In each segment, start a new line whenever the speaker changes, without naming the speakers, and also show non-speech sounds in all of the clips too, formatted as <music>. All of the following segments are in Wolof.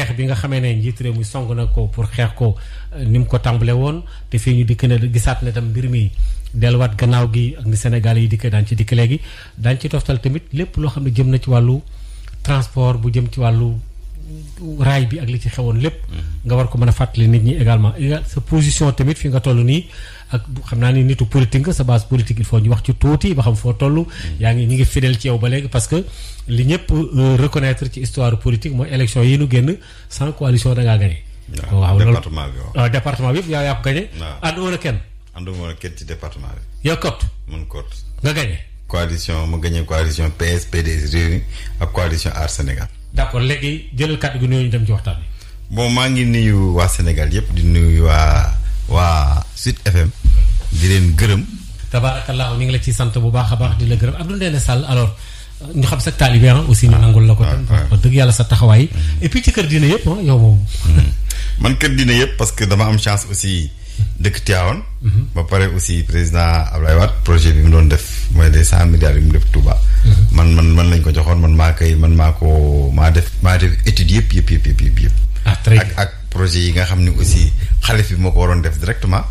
xeex bi nga xamee ne njiit réew mi song na ko pour xeex ko euh, ni mu ko tàmbale woon te fii ñu dikk ne gisaat ne dem mbir mi delluwaat gannaaw gi ak ni Sénégal yi dikkee daan ci dikk léegi daan ci toftal tamit lépp loo xam ne jëm na ci wàllu transport bu jëm ci wàllu raay bi ak li ci xewoon lépp. nga war ko mën a fàttali nit ñi également sa position tamit fi nga toll nii ak xam naa ni nitu politique nga sa base politique il ñu wax ci tuuti ba xam foo toll. yaa ngi ñu ngi fidèle ci yow ba léegi parce que li ñëpp euh, reconnaître ci histoire politique mooy élection yi nu génn sans coalition da ngaa gagné.
waaw département bi waaw
ah, département bi yëpp yaa yaa ko gagné. waaw
ànduma kenn. ànduma kenn ci département bi. yow kot. man kot nga gagné. coalition mu gagné coalition PS PDS Rewmi ak d' accord léegi jëlal kàddu gi nuyoo
ñu dem ci waxtaan bi.
bon maa ngi nuyu waa Sénégal yëpp di nuyu waa waa Sud FM di leen gërëm.
tabaarakallaahu ñu ngi la ci sant bu baax a baax di la gërëm Abdou Ndéné Sall alors. ñu xam sa taalibe ah, aussi ñu ah, nangul la ko tam ah, wax dëgg yàlla sa taxawaay mm-hmm. et ci kër diine yëpp yow moom
<laughs> man kër dina yëpp parce que dama am chance aussi dëkk Tivaouane. ba pare aussi président Abdoulaye Wade projet bi mu doon def mooy les cent milliards yu mu def Touba. man man man lañ ko joxoon man maa koy man maa ko maa def maa def étude yëpp yëpp yëpp yëpp yëpp. Ah, ak projet yi nga xam ni aussi xalif bi moo ko waroon def directement.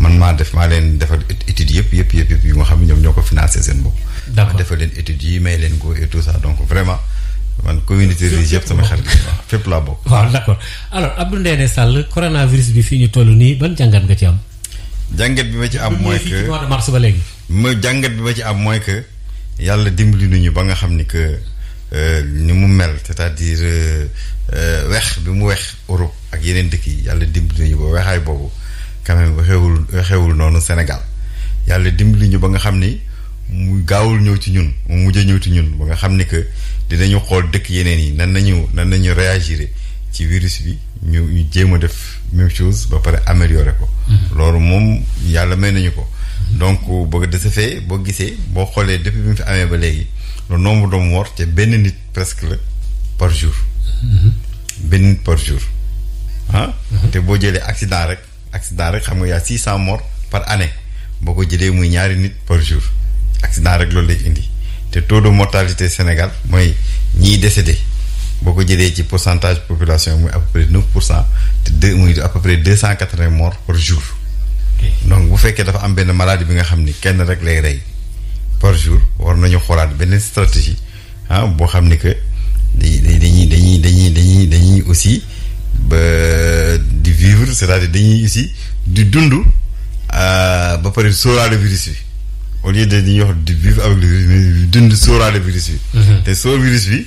man maa def maa leen defal étude yëpp yëpp yëpp yëpp yu nga xam ne ñoom ñoo ko financé seen bopp. d'accord defal leen études yi may leen ko et tout ça donc vraiment. man communauté religieuse yëpp sama xarit waaw fépp laa bokk.
waaw d' accord alors Abdou sàll Sall coronavirus bi fii ñu toll nii ban jàngat nga ci am.
jàngat bi ma ci am mooy que mois ba léegi. ma jàngat bi ma ci am mooy que yàlla dimbali nañu ba nga xam ni que euh, ni mu mel c' est à dire euh, euh, wex bi mu wex Europe ak yeneen dëkk yi yàlla dimbali nañu ba wexaay boobu quand même waxewul waxewul noonu Sénégal yàlla dimbali ñu ba nga xam ni. mu gaawul ñëw ci ñun mu mujjee ñëw ci ñun ba nga xam ni que dinañu xool dëkk yeneen yi nan nañu nan nañu réagir ci virus bi ñu ñu jéem a def même chose ba pare améliorer ko. Mm-hmm. loolu moom yàlla may nañu ko. Mm-hmm. donc ba de ce boo gisee boo xoolee depuis bi mu fi amee ba léegi le nombre de morts te benn nit presque la par jour. Mm-hmm. benn nit par jour ah. te boo jëlee accident rek accident rek xam nga y a six cent morts par année boo ko jëlee muy ñaari nit par jour. accident rek loolu lay indi te taux de mortalité Sénégal mooy ñiy décédé boo ko jëlee ci pourcentage population muy à peu près neuf pour cent te deux muy à peu près deux cent quatre-vingts morts par jour. donc bu fekkee dafa am benn maladie bi nga xam ni kenn rek lay rey par jour war nañu xoolaat benn stratégie ah boo xam ni que dañuy dañuy dañuy dañuy dañuy aussi ba di vivre c'est-à-dire dañuy aussi di dund euh, ba pare sóoraale virus bi. au lieu de di ñuy wax di vivre avec le virus dund sóoraale virus bi. Mhm. te sóor virus bi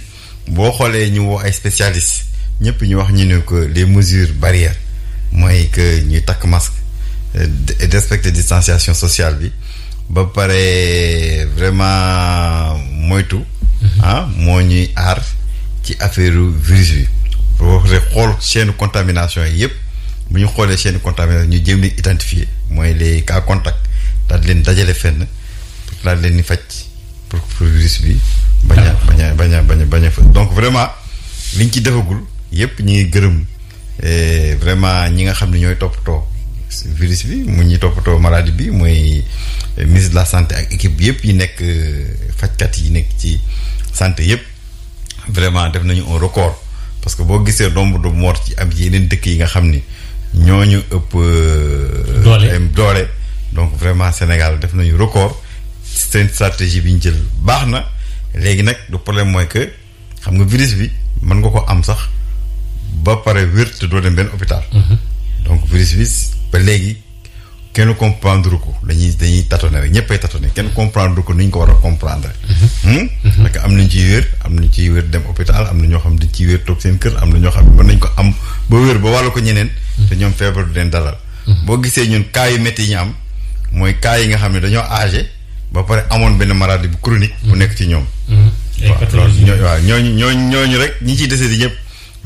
boo xoolee ñu woo ay spécialistes ñëpp ñu wax ñu ne que les mesures barrières mooy que ñuy takk masque euh, et respecter distanciation sociale bi ba pare vraiment moytu. Mhm. ah moo ñuy aar ci affaire virus bi. boo xool chaîne contamination yi yëpp bu ñu xoolee chaîne contamination ñu jéem leen identifier mooy les cas contacts daal leen dajale fenn. daal leen di faj pour pour virus bi. bañ a bañ a bañ a bañ bañ fa donc vraiment liñ ci defagul yépp ñuy ngi gërëm eh, vraiment ñi nga xam ne ñooy toppatoo virus bi mu ñuy toppatoo maladie bi mooy ministre la santé ak équipe bi yépp yi nekk eh, fajkat yi nekk ci santé yépp vraiment def nañu un record parce que boo gisee nombre de morts ci am yeneen dëkk yi nga xam ni ñoo ñu ëpp. Eh, doole doole donc vraiment Sénégal def nañu record. seen stratégie bi ñu jël baax na léegi nag le problème mooy que xam nga virus bi mën nga ko am sax ba pare wér te doo dem benn hôpital. Mhm. donc virus bi ba léegi kenn comprendre ko dañuy dañuy tâtonner rek ñëppay tâtonner kenn comprendre ko ni ñu ko war a comprendre. Mhm. Hmm? Mhm. parce que am nañ ciy wér am nañ ciy wér dem hôpital am na ñoo xam dañ ciy wér toog seen kër am na ñoo xam mën nañ ko am ba wér ba wàllu ko ñeneen. te ñoom feebar du leen dalal. boo gisee ñun cas yu métti yi ñu am mooy cas yi nga xam ne dañoo âgé. ba pare amoon benn maladie bu chronique. bu mm-hmm. nekk ci ñoom. Mm-hmm. waaw ñoo waaw ñooñu ñooñu ñooñu rek ñi ciy décédé ñëpp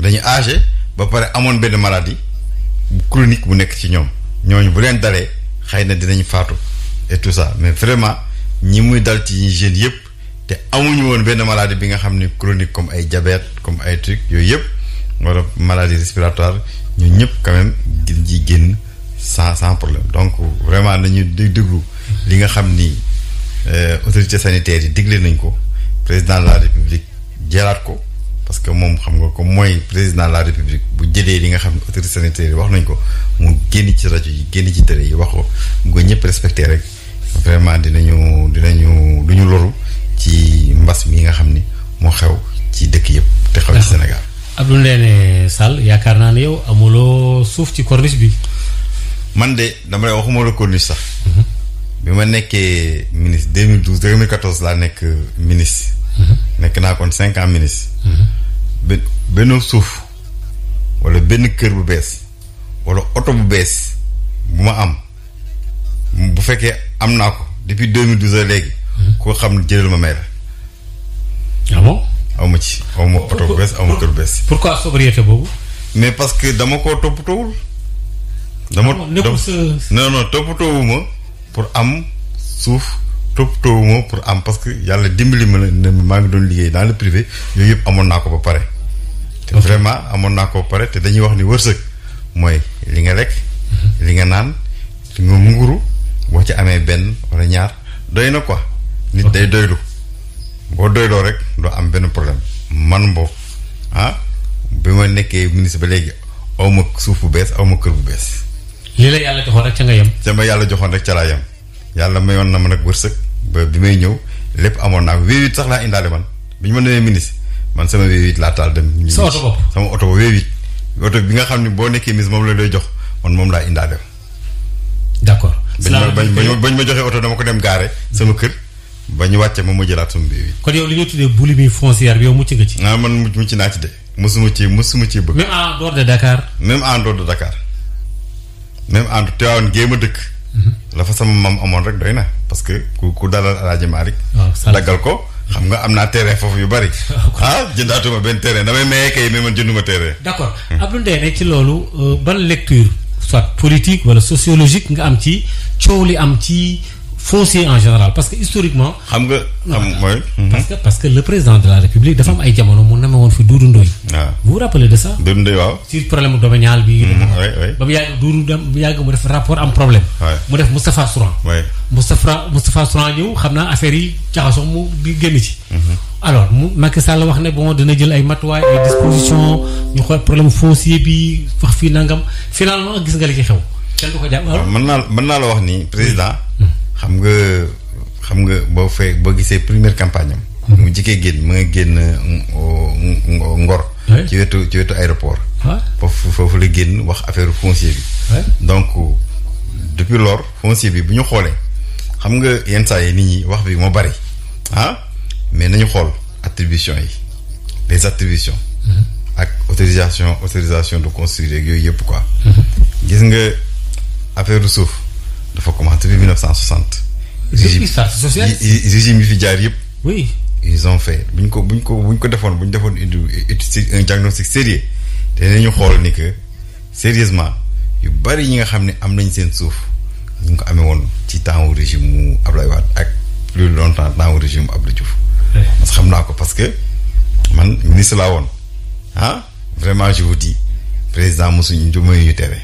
dañu âgé ba pare amoon benn maladie bu chronique bu nekk ci ñoom ñooñu bu leen dalee xëy na dinañu faatu et tout ça mais vraiment ñi muy dal ci jeunes yëpp te amuñu woon benn maladie bi nga xam ne chronique comme ay jabet comme ay truc yooyu yëpp wala maladie respiratoire ñu ñëpp quand même gën ci génn sans sans problème donc vraiment nañu déglu li nga xam ni. Euh, autorité sanitaire yi digle nañ ko président de la république jaraat ko parce que moom xam nga ko mooy président la république bu jëlee li nga xam ne autorité sanitaire yi wax nañ ko mu génn ci rajo yi génn ci télé yi wax ko bu ko ñëpp respecté rek vraiment dinañu dinañu ñu loru ci mbas mi nga xam ni moo xew ci dëkk yëpp te xew ci Sénégal
Abdou Ndéné Sall yaakaar naa ne yow amuloo suuf ci corniche bi
man de dama lay waxuma la corniche sax mhm. bi ma nekkee ministre 2012 2014 laa nekk ministre. Mhm. nekk naa kon cinq ans ministre.
Mhm.
benn suuf wala benn kër bu bees wala oto bu bees bu ma am bu fekkee am naa ko depuis 2012 léegi. Mhm. koo xam jëlal ma may la. ah bon aw ma ci aw ma oto bu bees aw ma kër bu bees. pourquoi sobriété boobu. mais parce que dama koo toppatoowul. dama ah dama non non toppatoowuma. pour am suuf toppatoo ma pour am parce que yàlla dimbali ma ne maa ngi doon liggéey dans le privé yooyu yëpp amoon naa ko ba pare. te vraiment amoon naa ko ba pare te dañuy wax ni wërsëg mooy li nga lekk. Mhm. li nga naan li nga munguru boo ci amee benn wala ñaar doy na ko nit day doylu boo doyloo rek doo am benn problème man boobu ah bi ma nekkee ministre ba léegi aw ma suuf bu bees awma kër bu bees.
li la yàlla joxoon rek ca nga yem.
ca ma yàlla joxoon rek ca laa yem yàlla mayoon na man nag wërsëg ba bi may ñëw lépp amoon naa V8 sax laa indaale man bi ñu ma man sama v dem. sa oto sama oto ba oto bi nga xam ne boo nekkee ministre moom la doy jox man moom laa indaale. d'accord. bañ ma joxee oto dama ko dem gaare sama kër. ba ñu wàcce ma ma jëlaat sama biir yi. kon yow tuddee boulimie foncière bi yow mucc nga ci. ah man mucc ci de mosuma ci mosuma ci bëgg. même
en dehors de Dakar.
même en dehors même en Tivaouane géem a dëkk. Mhm. la fa sama mam amoon rek doy na parce que ku ku dalal Alaaji Maalik ah, daggal ko xam nga am naa tere foofu yu bari. <laughs> Ah, ah jëndaatuma benn terrain damay maye kay mais man jënduma terrain. d'accord hmm.
Abdou Ndeye nag ci loolu euh, ban lecture soit politique wala sociologique nga am ci coow li am ci. foncier en général parce que historiquement. xam nga xam
mooy. parce mhm. que
parce que le président de la république dafa am ay jamono mu name woon fi Doudou Ndoye. waaw ah. vous vous rappelez de ça. Doudou Ndoye waaw. ci problème domanial bi. Mhm, ba mu yàgg Doudou dem yàgg mu def rapport am problème. mu def Moustapha Souran. waay Moustapha Moustapha Souran ñëw xam naa affaire yi jaxasoo mu di génn ci. Mhm. alors mu Macky Sall wax ne bon dana jël ay matuwaay ay dispositions ñu xool problème foncier bi wax fii nangam finalement gis nga li ci xew.
kenn ko jàpp mën naa mën naa la wax ni président. Hmm. xam nga xam nga boo fee boo gisee première campagne am. Hmm. mu njëkkee génn mu nga génn uh, Ngor. ci wetu ci wetu aéroport. Ah. foofu foofu la génn wax affaire foncier bi. donc depuis lors foncier bi bu ñu xoolee xam nga yenn saa yi nit ñi wax bi moo bari ah mais nañu xool attribution yi des attributions. Hmm. ak autorisation autorisation de construire yooyu yëpp quoi. Hmm. gis nga affaire suuf. dafa commencé depuis 1960. régime yi fi jaar yëpp. oui ils ont fait bu ñu ko buñ ko bu ko defoon bu ñu defoon un diagnostic sérieux te nañu xool ni que sérieusement yu bari yi nga xam ne am nañ seen suuf ñu ko amee woon ci temps wu régime mu ak plus longtemps temps wu régime Abdou Diouf. parce xam naa ko parce que man ministre laa woon ah vraiment je vous dis président mosuñu ñu may yu tere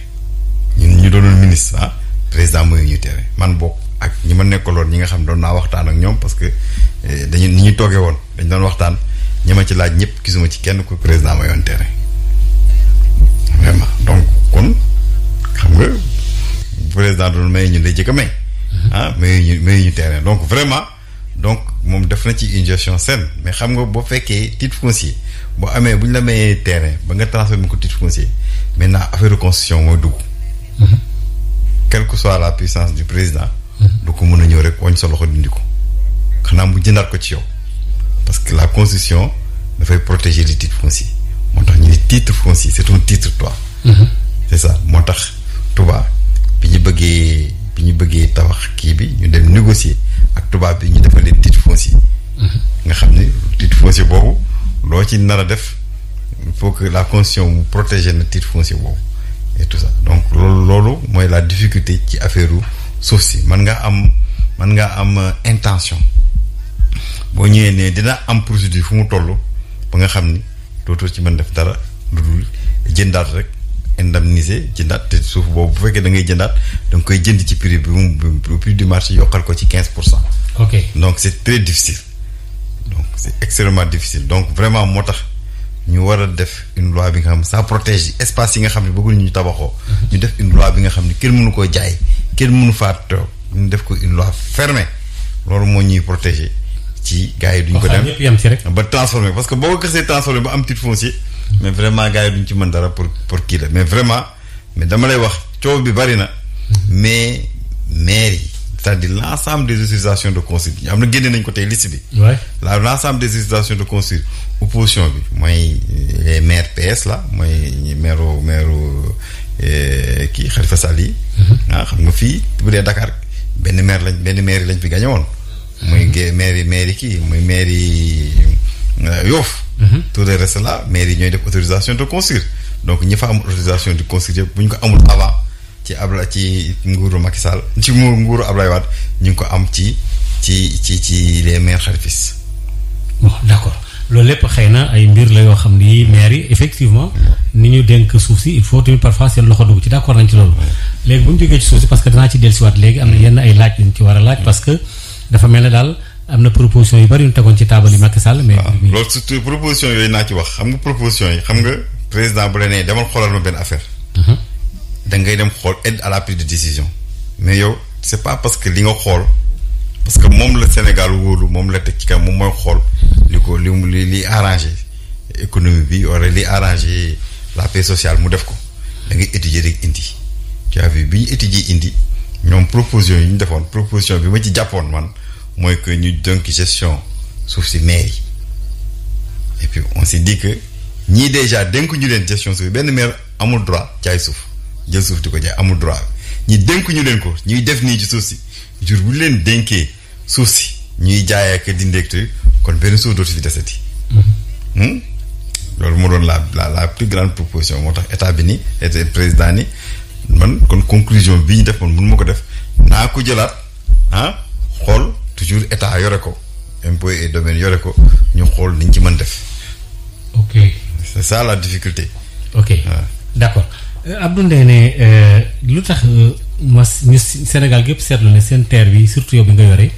ñun ñu doonoon ministre ah. président mooy ñu tere man bokk ak ñi ma nekkaloon ñi nga xam doon naa waxtaan ak ñoom parce que eh, dañu ni ñuy toogee woon dañu doon waxtaan ñi ma ci laaj ñëpp kisuma ci kenn ku président ma yoon tere donc kon xam nga président doon may ñu day jëkk a may mm-hmm. ah ñu may ñu terrain donc vraiment donc moom def na ci une gestion mais xam nga boo fekkee titre foncier boo amee bu ñu la mayee terrain ba nga transformé ko titre foncier maintenant affaire de construction dugg mm-hmm. quelle que soit la puissance du président du ko mën a ñëw rek wañ sa loxo dundi ko xanaa mu jëndaat ko ci yow parce que la constitution dafay protéger les titres fonciers moo tax ñu ne titre foncier c'est un titre toi mhm. c'est ça moo tax tubaab bi ñu bëggee bi ñu bëggee tabax kii bi ñu dem négocier ak tubaab bi ñu defal leen titre foncier mhm. nga xam ni titre foncier boobu loo ci nar a def il faut que la constitution mu protéger na titre foncier boobu et tout ça donc loolu loolu mooy la difficulté ci affaire suuf si man nga am man nga am euh, intention boo ñëwee nee dina am procédure fu mu toll ba nga xam ni dootoo ci man def dara lu dul jëndaat rek indemniser jëndaat te suuf boobu bu fekkee da ngay jëndaat da nga koy jënd ci prix bi mu prix di marché yokkal ko ci quinze pour cent. ok donc c'est très difficile donc c'est extrêmement difficile donc vraiment moo tax. ñu war a def une loi bi nga xam ça protège espace yi nga xam ne bëggul ñu tabaxoo. ñu def une loi bi nga xam ne kenn mënu koo jaay kenn mënu faa toog ñu def ko une loi fermée loolu moo ñuy protéger ci gars yi duñ ko dem ba transformé parce que boo ko xasee transformé ba am titre foncier. mais vraiment gars duñu duñ ci mën dara pour pour kii la mais vraiment mais dama lay wax coow bi bari na. Mhm. mais maire yi c'est-à-dire l' ensemble de conseil bi am na génne nañ ko tey liste bi. waay la l' ensemble des utilisations de conseil opposition bi mooy euh, les maires PS la mooy maire maire euh, kii Khalifa mm-hmm. ah, xam nga fii bu dee Dakar benn maire lañ benn maire lañ fi gagné woon. muy mm-hmm. gée maire maire kii muy maire euh, Yoff. Mm-hmm. tout le reste là maire yi ñooy def autorisation de construire donc ñi fa am autorisation de construire ko amul avant. ci Abla ci nguuru Macky Sall ci nguuru Ablaye waat ñu ngi ko am ci ci ci ci les maires xarfis
bon d'accord loolu lépp xëy na ay mbir la yoo xam ni maires yi effectivement ni ñu dénk suuf si il faut tamit parfois seen loxo dugg ci d'accord nañ ci loolu léegi bu ñu jógee ci suuf si parce que danaa ci dellusiwaat léegi am na yenn ay laaj yuñ ci war a laaj parce que dafa mel ne daal am na proposition yu bari yu ñu tegoon ci taabal yi Macky Sall mais
loolu surtout proposition yooyu ci wax xam nga proposition yi xam nga président bu la nee demal xoolal benn affaire mhm. da ngay dem xool aide à la prise de décision mais yow c'est pas parce que li nga xool parce que moom la Sénégal wóolu moom la teg ci kanam moom mooy xool li ko li li li arrangé économie bi wala li arrangé la paix sociale mu def ko da ngay étudier rek indi tu as bi ñu étudier indi ñoom proposition yi ñu defoon proposition bi ma ci jàppoon man mooy que ñu donc gestion suuf si maire yi et puis on s'est dit que ñii déjà dénk ñu leen gestion suuf benn maire amul droit ci ay suuf jël suuf di ko jaay amul droit ñi dénk ñu leen ko ñuy def nii ci suuf si jur bu ñu leen dénkee suuf si ñuy jaayee ak dindéegte kon benn suuf dootu fi deseti mm-hmm. hmm? loolu moo doon la la la plus grande proposition moo tax état bi ni et président ni man kon conclusion bi ñu def man mënu ma ko def naa ko jëlaat ah xool toujours état yore ko impôt et domaine yore ko ñu xool niñ ci mën def ok c'est ça la difficulté ok ah.
Euh, Abdou Ndéné euh, lu tax euh, ma ñu senegal gépp seetlu ne seen terre bi surtout yow bi nga yore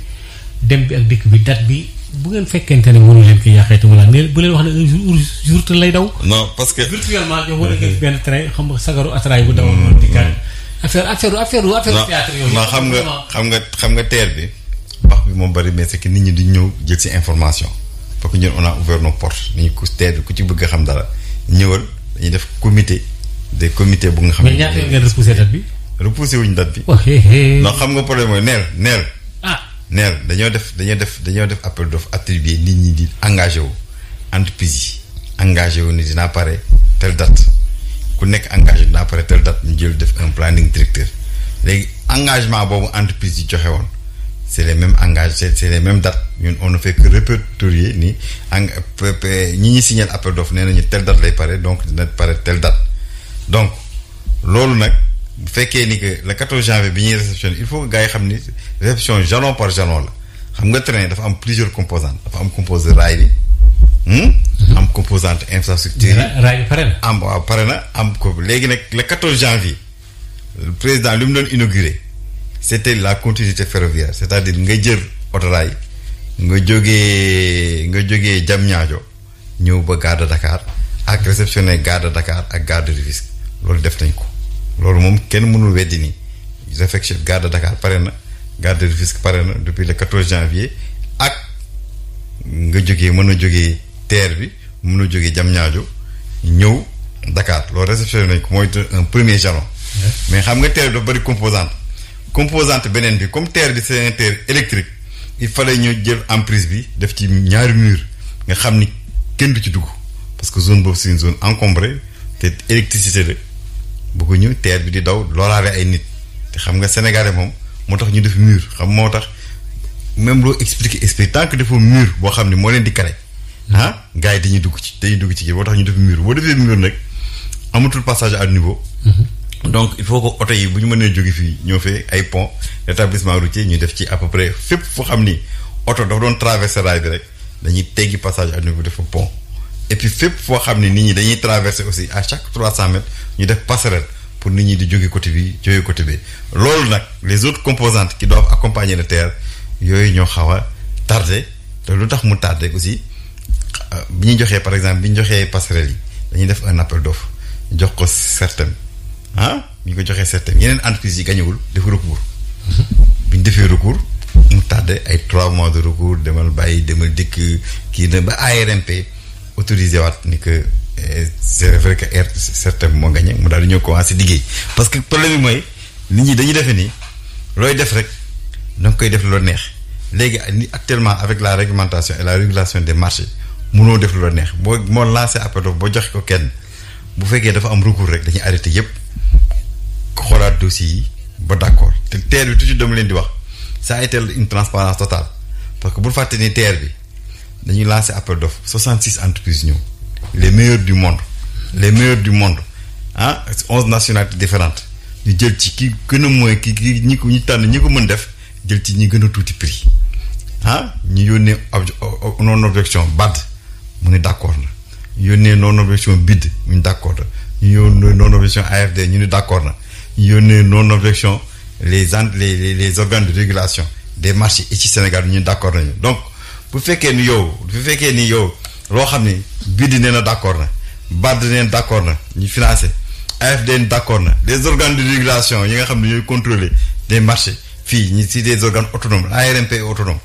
dem bi ak dikk bi date bi bu ngeen fekkente ne mënu leen ko yàqeeti wala ne bu wax ne un jour jour te lay <laughs> xam nga sagaru atraay bu dawal woon di kan affaire affaire affaire xam nga xam
nga xam nga terre bi. wax bi moom bari mais c'est nit ñi duñ ñëw jël si information parce que ñun on a ouvert nos portes nañu ku terre bi ku ci bëgg a xam dara ñëwal dañuy def comité. des comités bu nga xam ne. mais ñaata ngeen repoussé date bi. repoussé oh, xam nga problème mooy neel neel. ah neel dañoo def dañoo def dañoo def appel d'offre attribué nit ñi di engagé wu entreprise yi engagé wu ni dinaa pare telle date ku nekk engagé dinaa pare dat date ñu jël def un planning directeur léegi engagement boobu entreprise yi joxe woon. c' est les mêmes engagés c' est les mêmes dates ñun on ne fait que répertorier ni en ñi ñi signal appel d'offre nee nañu telle date lay pare donc dina pare telle dat donc loolu nag bu fekkee ni que le 14 janvier bi ñuy réception il faut que gars yi xam ni réception jalon par jalon la xam nga train dafa am plusieurs composantes dafa am composante raay bi hmm? mhm. am composante infrastructure yi raay bi pare na am waaw pare na am ko léegi nag le 14 janvier le président li mu doon inauguré c' était la continuité ferroviaire c' est à dire nga jël autorail nga jógee nga jógee Diamniadio ñëw ba gare de Dakar ak réceptionné gare de Dakar ak gare de Rufisque loolu def nañ ko loolu moom kenn mënul weddi ni effectué gare de Dakar pare na gare de Rufisque pare na depuis le 14 janvier ak nga jóge mën na jóge terre bi mën a jógee ñaajo ñëw Dakar loolu réceptionné nañ ko mooy un premier jalon mais xam nga terre bi dafa bëri composante composante beneen bi comme terre bi c'est un terre électrique il fallait ñu jël emprise bi def ci ñaari mur nga xam ni kenn du ci dugg parce que zone boobu c'est zone encombrée te électricité la ñu teer bi di daw loolaale ay nit te xam nga sénégalais moom moo tax ñu def mur xam moo tax même loo expliqué expliqué tant que defoo mur boo xam ne moo leen di kare ah gars yi dañuy dugg ci dañuy dugg ci kii boo tax ñu def mur boo defee mur nag amatul passage à niveau. Mhm. donc il faut que oto yi bu ñu mënee jóge fii ñoo fee ay pont établissement routier ñu def ci à peu près fépp foo xam ni oto dafa doon traversé raay bi rek dañuy teggi passage à niveau def fa pont. et puis foo xam ne nit ñi dañuy traverser aussi à chaque trois cent mètres ñu def passerelle pour nit ñi di jóge côté bi jóge côté bi loolu nag les autres composantes qui doivent accompagner le TER yooyu ñoo xaw a tardé te lu tax mu tardé aussi euh, bi ñu joxee par exemple bi ñu joxee passerelle yi dañuy def en appel d'offre jox ko certain ah ñu ko joxee certain yeneen entreprises yi gañewul def recours mhm. bi ñu defee recours mu tardé ay trois mois de recours demal bàyyi demal dikk kii na ba ARMP autorisé waat ni que eh, c' est vrai que air certain moo gagné mu daal di ñëw commencé liggéey parce que problème bi mooy nit ñi dañuy defe nii looy def rek da koy def loo neex léegi ni actuellement avec la réglementation et la régulation des marchés munoo def loo neex boo moo lancé appel d'offre boo joxe ko kenn bu fekkee dafa am recours rek dañuy arrêté yépp xoolaat dossiers yi ba d' accord te TER bi toujours dama leen di wax ça a été une transparence dañuy lancer appel d'offres 66 entreprises ñëw les meilleurs du monde les meilleurs du monde ah onze nationalités différentes ñu jël ci ki gën mooy ki ki ñi ko ñu tànn ñi ko mën def jël ci ñi gën a tuuti prix ah ñu yónnee non objection BAD mu ne d'accord na ñu yónnee non objection BID mu ne d'accord na ñu yónnee non objection AFD ñu ne d'accord na ñu yónnee non objection les les les organes de régulation des marché et ci Sénégal ñu ne nañu donc. bu fekkee ni yow bu fekkee ni yow loo xam ni BID nee na d' accord na BAD nee na d' accord na ñu financé AFD nee na d' accord na les organes de régulation yi nga xam ne ñooy contrôler des marchés fii ñi si des organes autonomes ARMP autonome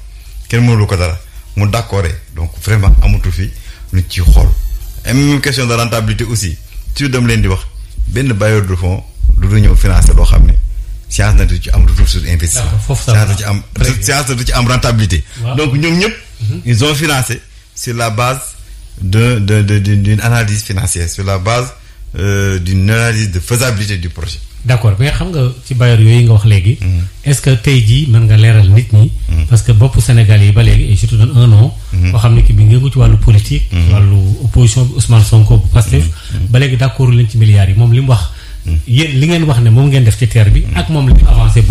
kenn mënulu ko dara mu d' accord donc vraiment amatul fii lu ci xool. même question de rentabilité aussi ci dem leen di wax benn bailleur de fonds du du ñëw financé loo xam ne science na du ci am retour sur investissement. science na du ci am science na ci am rentabilité. donc ñëpp. Mhm. ils ont financé sur la base de de de d'une analyse financière sur la base euh, d'une analyse de faisabilité du projet.
d'accord mais xam nga ci bailleur yooyu nga wax léegi. Mhm. est-ce que tey jii mën nga leeral nit ñi. Mhm. parce que bopp Sénégal yi ba léegi et je te donne un nom. boo xam ne ki bi ngeen ci wàllu politique. wàllu opposition bi Ousmane Sonko bu Pastef. ba léegi d'accord leen ci milliards yi moom li mu wax. yéen li ngeen wax ne moom ngeen def ci terre bi. ak moom li mu avancé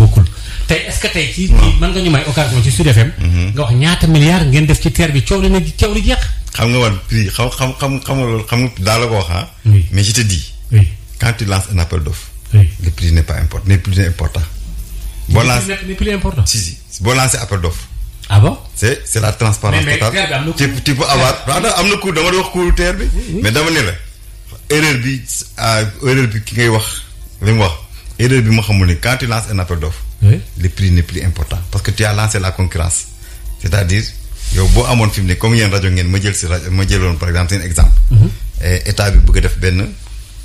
tey est-ce que tey ci
ci nga ñu may occasion ci Sud FM mhm. nga
wax ñaata milliards ngeen def ci TER bi coow li na coow li jeex
xam nga woon prix xam xam xam xam nga loolu xam nga daal la ko waxaa ah. mais je te dis quand tu lances un appel d'offres le prix n'est pas important boo lancé le prix important si si boo lancé appel d'offres ah bon c'est c'est la transparence totale tu tu am na coût dama di wax coût TER bi mais dama ne la erreur bi ah, erreur bi ki ngay wax li mu wax erreur bi ma xamul ne quand tu lances un appel d'offre oui. le plus important parce que tu as la concurrence c'est-à-dire yow boo amoon fi mu ne comme yéen rajo ngeen ma jël si rajo ma jëloon par exemple seen exemple mhm. état bi bëgg a def benn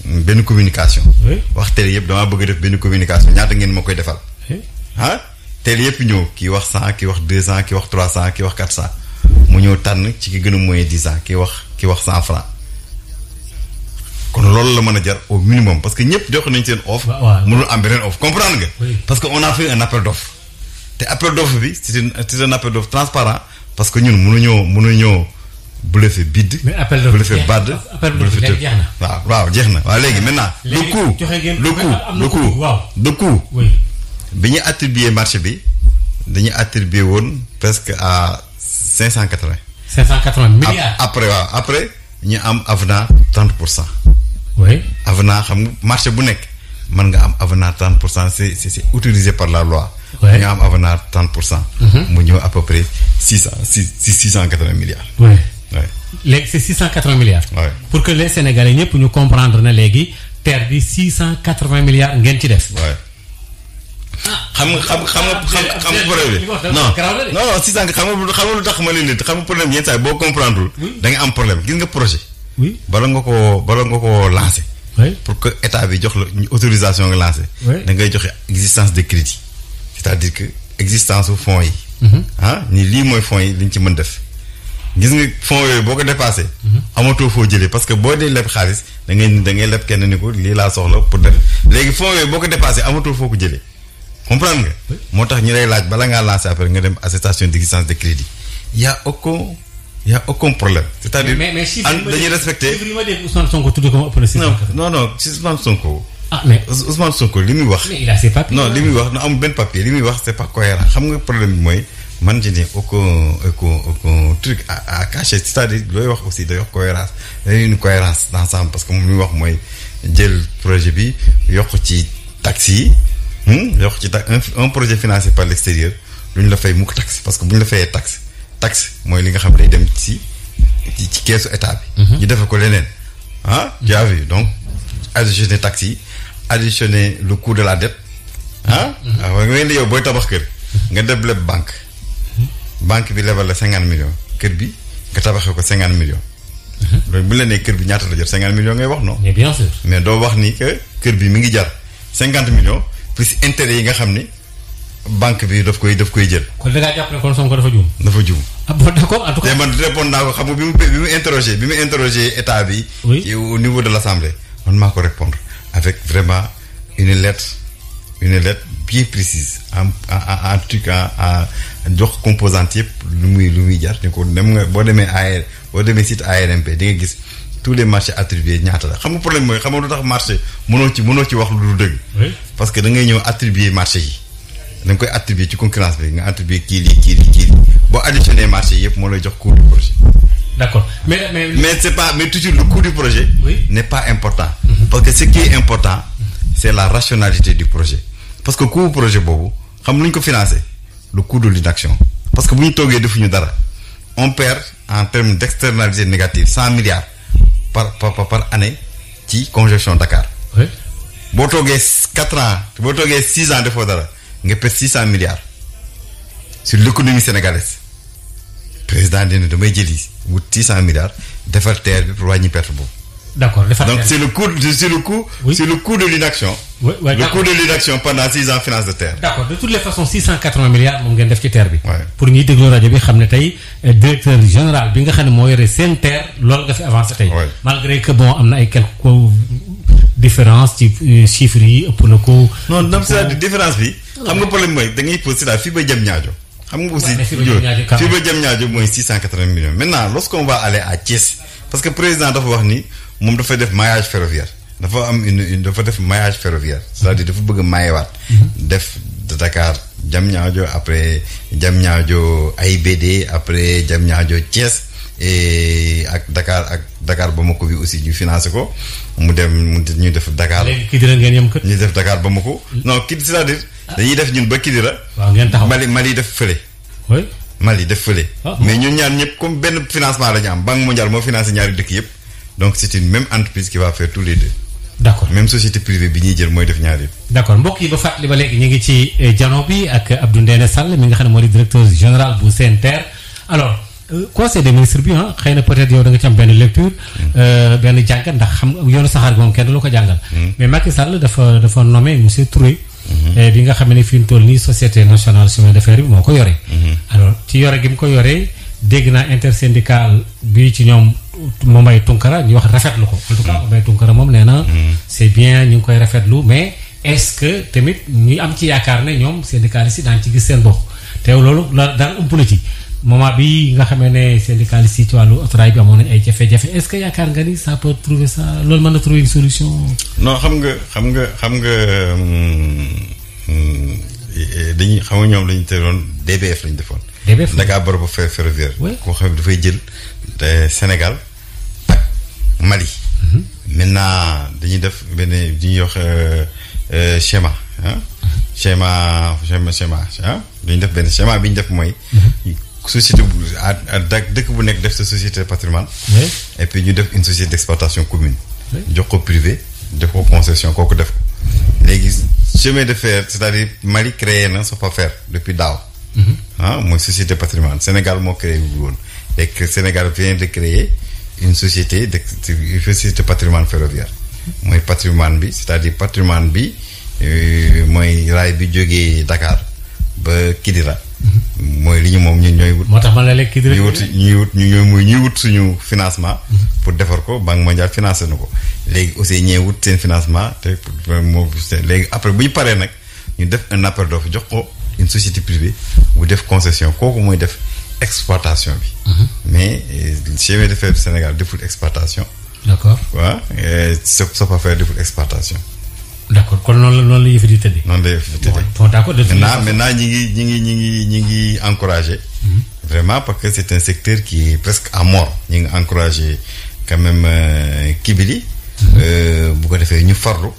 benn communication wax télé yëpp damaa bëgg a def benn communication ñaata ngeen ma koy defal ah télé yëpp ñëw kii wax cent kii wax deux cent ki wax trois cent ki wax quatre cent mu ñëw tànn ci ki gën a moyen dix cent wax kii wax cent loolu la mën a jar au minimum parce que ñëpp jox nañ seen offre. mënul am beneen offre comprendre nga. parce que on a fait un appel te appel d'offre bi c'est un appel d'offre transparent parce que ñun mënuñoo mënuñoo bluffé bid. mais appel d'offre bluffé bad. bluffé waaw jeex na. waaw léegi maintenant. le coût le coût bi ñu attribué marché bi dañu attribué woon presque à cinq cent quatre-vingts. cinq cent quatre-vingts milliards après waaw après ñu am avenant oui avenant xam nga marché bu nekk mën nga am avenant 30 pour cent c'est c'est par la loi. oui nga am avenant 30 pour cent. Mhm. mu ñëw à peu près six cent six six cent quatre-vingts milliards.
oui
oui. six cent quatre milliards. pour que les Sénégalais ñëpp ñu comprendre na léegi terre bi six cent quatre-vingts milliards ngeen ci def. oui.
xam nga xam xam nga xam nga problème xam xam lu tax ma ne nit xam problème yenn saa yi boo comprendre da nga am problème gis nga projet. oui bala nga koo bala nga koo lancer. pour que état bi jox la autorisation nga lancer. da ngay joxe existence de crédit. c'est-à-dire que existence su fonds yi. Mhm. ah ni lii mooy fonds yi liñ ci mën def. gis nga fonds yooyu boo ko dépassé. Mhm. amatoo foo jëlee parce que boo dee leb xaalis da ngay da ngay leb kenn ni ko lii laa soxla pour def léegi fonds boo ko dépassé amatoo foo ko jëlee. comprendre nga. moo tax ñu lay laaj bala ngaa lancer après nga dem attestation d'existence de crédit. y a aucun y' a aucun problème. c' est à dire dañuy respecte mais mais chiffre Ousmane Sonko tudd ko si Ousmane Sonko. ah mais li muy wax. mais il non li muy wax na am benn papier li muy wax c' pas cohérent xam nga problème bi mooy man je n'ai aucun aucun aucun truc à à cacher looy wax aussi day wax cohérence dañuy une cohérence d' ensemble parce que moom li muy wax mooy jël projet bi yokk ci taxi yi hmm, yokk ci tax un projet financé par l' lu ñu la fay mukk taxe parce que bu ñu la fayee taxe. taxe mooy li nga xam day dem ci ci keesu état bi. Mhm. ñu defee ko leneen ah. Mhm. tu as donc additionner taxe yi additionner le coût de la dette mhm. ah. waaw nga ne yow booy tabax kër nga def leb banque banque bi lebal la cinquante millions kër bi nga tabaxee ko cinquante millions. loolu bu la kër bi ñaata la jot cinquante millions ngay wax non. mais mais doo wax ni kër bi mi ngi jar cinquante million plus intérêt yi nga xam ni. banque bi daf koy daf koy jël. kon da kon Sonko dafa juum. dafa juum. ah bon d'accord en tout cas. te man répondre naa ko xam bi mu bi mu interroger bi mu interroger état bi. ci au niveau de l'assemblée. man maa ko répondre avec vraiment une lettre une lettre bien précise en en en tout cas en jox composante yëpp lu muy lu muy jar ni ko dem nga boo demee AR boo demee site ARMP di nga gis. tous les marchés attribués ñaata la xam nga problème mooy xam nga lu tax marché mënoo ci mënoo ci wax lu dul dëgg. parce que da ngay ñëw attribuer marché yi. da koy attribuer ci concurrence bi nga attribuer kii lii kii lii kii lii boo additionné marché yëpp moo lay jox coût du projet. d' mais mais. mais c' est pas mais toujours le coût du projet. oui pas important. Mm-hmm. parce que ce qui est important. c' la rationalité du projet. parce que coût projet boobu xam lu ñu ko financé le coût de l' parce que bu ñu toogee ñu dara on perd en termes d' externalité négative cent milliards par par par année ci conjonction Dakar. oui boo toogee quatre ans boo toogee six ans defoo dara. nga perte six cent milliards sur l'économie sénégalaise président dina damay jëli wut six cent milliards defar terre bi pour wàññi perte boobu.
d'accord defar terre donc c'est
le coût c'est le coût. oui c'est le coût de l'inaction oui oui le coût pendant six ans finance de terre.
d'accord de toutes les façons six cent quatre-vingts milliards moom ngeen def ci terre bi. pour ñuy déglu rajo bi xam ne tey euh, directeur général bi nga xam ne moo yore seen terre loolu nga fi ay quelques. différence ci euh, chiffres yi ëpp na ko.
non non cest à différence bi. xam nga problème mooy da ngay posé fii ba jëm ñaajo. xam nga aussi fii ba jëm ñaajo mooy six cent quatre-vingts millions. maintenant lorsqu'on va aller à Thiès parce que président dafa wax ni moom dafay def maillage ferroviaire dafa am une dafa def maillage ferroviaire c'est-à-dire dafa bëgg a maayewaat. Mhm. def de Dakar jëm ñaajo après jëm ñaajo AIBD après jëm ñaajo Thiès. et ak Dakar ak Dakar Bamako bi aussi ñu financé ko mu dem mu ñu def Dakar. léegi Kidira ngeen yem kat. ñu def Dakar Bamako. non Kidira c'est-à-dire dañuy def ñun ba Kidira. waaw ngeen taxaw Mali Mali def fële. oui Mali def fële. Ah, mais ñun ñaar ñëpp comme benn financement la ñu am Banque mondiale moo financé ñaari dëkk yëpp donc c'est une même entreprise qui va faire tous les deux. d'accord même société privée bi ñuy jël mooy def ñaar yëpp.
d'accord mbokk yi ba fàttali ba léegi ñu ngi ci eh, jano bi ak Abdou Ndéné Sall mi nga xam ne moo di directeur général bu CNTR alors. Euh, conseil des ministres bi ah xëy na peut-être yow benn lecture mm. euh, benn jàngat ndax xam yoonu saxaar gi moom kenn du la ko jàngal mm. mais Macky Sall dafa dafa nommé monsieur Touré
mm-hmm.
bi nga xam ne fi mu toll nii société nationale chemin de fer bi moo ko yore mm-hmm. alors ci yore gi mu ko yoree dégg naa intersyndical bi ci ñoom Mbaye Tunkara ñu wax rafetlu ko en tout cas mm. moom nee na mm-hmm. c'est bien ñu ngi koy rafetlu mais est-ce que tamit ñu am ci yaakaar ne ñoom syndicalistes yi daan ci gis seen bopp te loolu la daan ëmp la ci moment bi nga xamee ne syndicaliste yi ci wàllu autorail bi amoon nañu ay jafe-jafe est-ce que yaakaar nga ni ça peut trouver ça loolu mën na trouver une solution.
non xam nga xam nga xam nga dañuy xam nga ñoom dañu teeloon DBF lañu defoon. DBF Dakar Borobo Ferroviaire. koo xam ne dafay jël Sénégal ak Mali. Mm-hmm. maintenant dañuy def benn di ñuy wax euh, euh, schéma ah. schéma schéma schéma ah def benn schéma bi ñu def mooy. Mm-hmm. société bu à dëkk bu nekk def sa société patrimoine et puis ñu def une société d'exploitation commune jox ko privé jox ko concession kooku def ko léegi chemin de fer c'est-à-dire Mali créé na SOPAFER depuis daaw mhm. ah mooy société patrimoine Sénégal moo créé bu woon et que Sénégal vient de créer une société de une société patrimoine ferroviaire mooy patrimoine bi c'est-à-dire patrimoine bi euh, mooy raay bi jógee Dakar ba Kidira mooy li ñu moom ñu ñooy wut. moo tax ma la lekk ñuy wut ñuy wut ñuy ñuy wut suñu financement. Mhm. pour defar ko banque mondiale financé na ko. léegi aussi ñee wut seen financement te moom léegi après bu ñu paree nag ñu def un appel d'offre jox ko une société privée bu def concession kooku mooy def exploitation bi. Mhm. mais euh, chemin de fer du Sénégal deful exploitation. d'accord waaw Sopafer deful exploitation.
d' accord kon noonu la noonu la yëf di tëddee.
noonu la yëf di tëddee bon d' accord de maintenant maintenant ñi ngi ñi ngi ñi ngi ñi mhm. vraiment parce que c' est un secteur qui est presque à mort ñi ngi encouragé quand même euh, Kibili. Mhm. Euh, bu ko defee ñu farlu.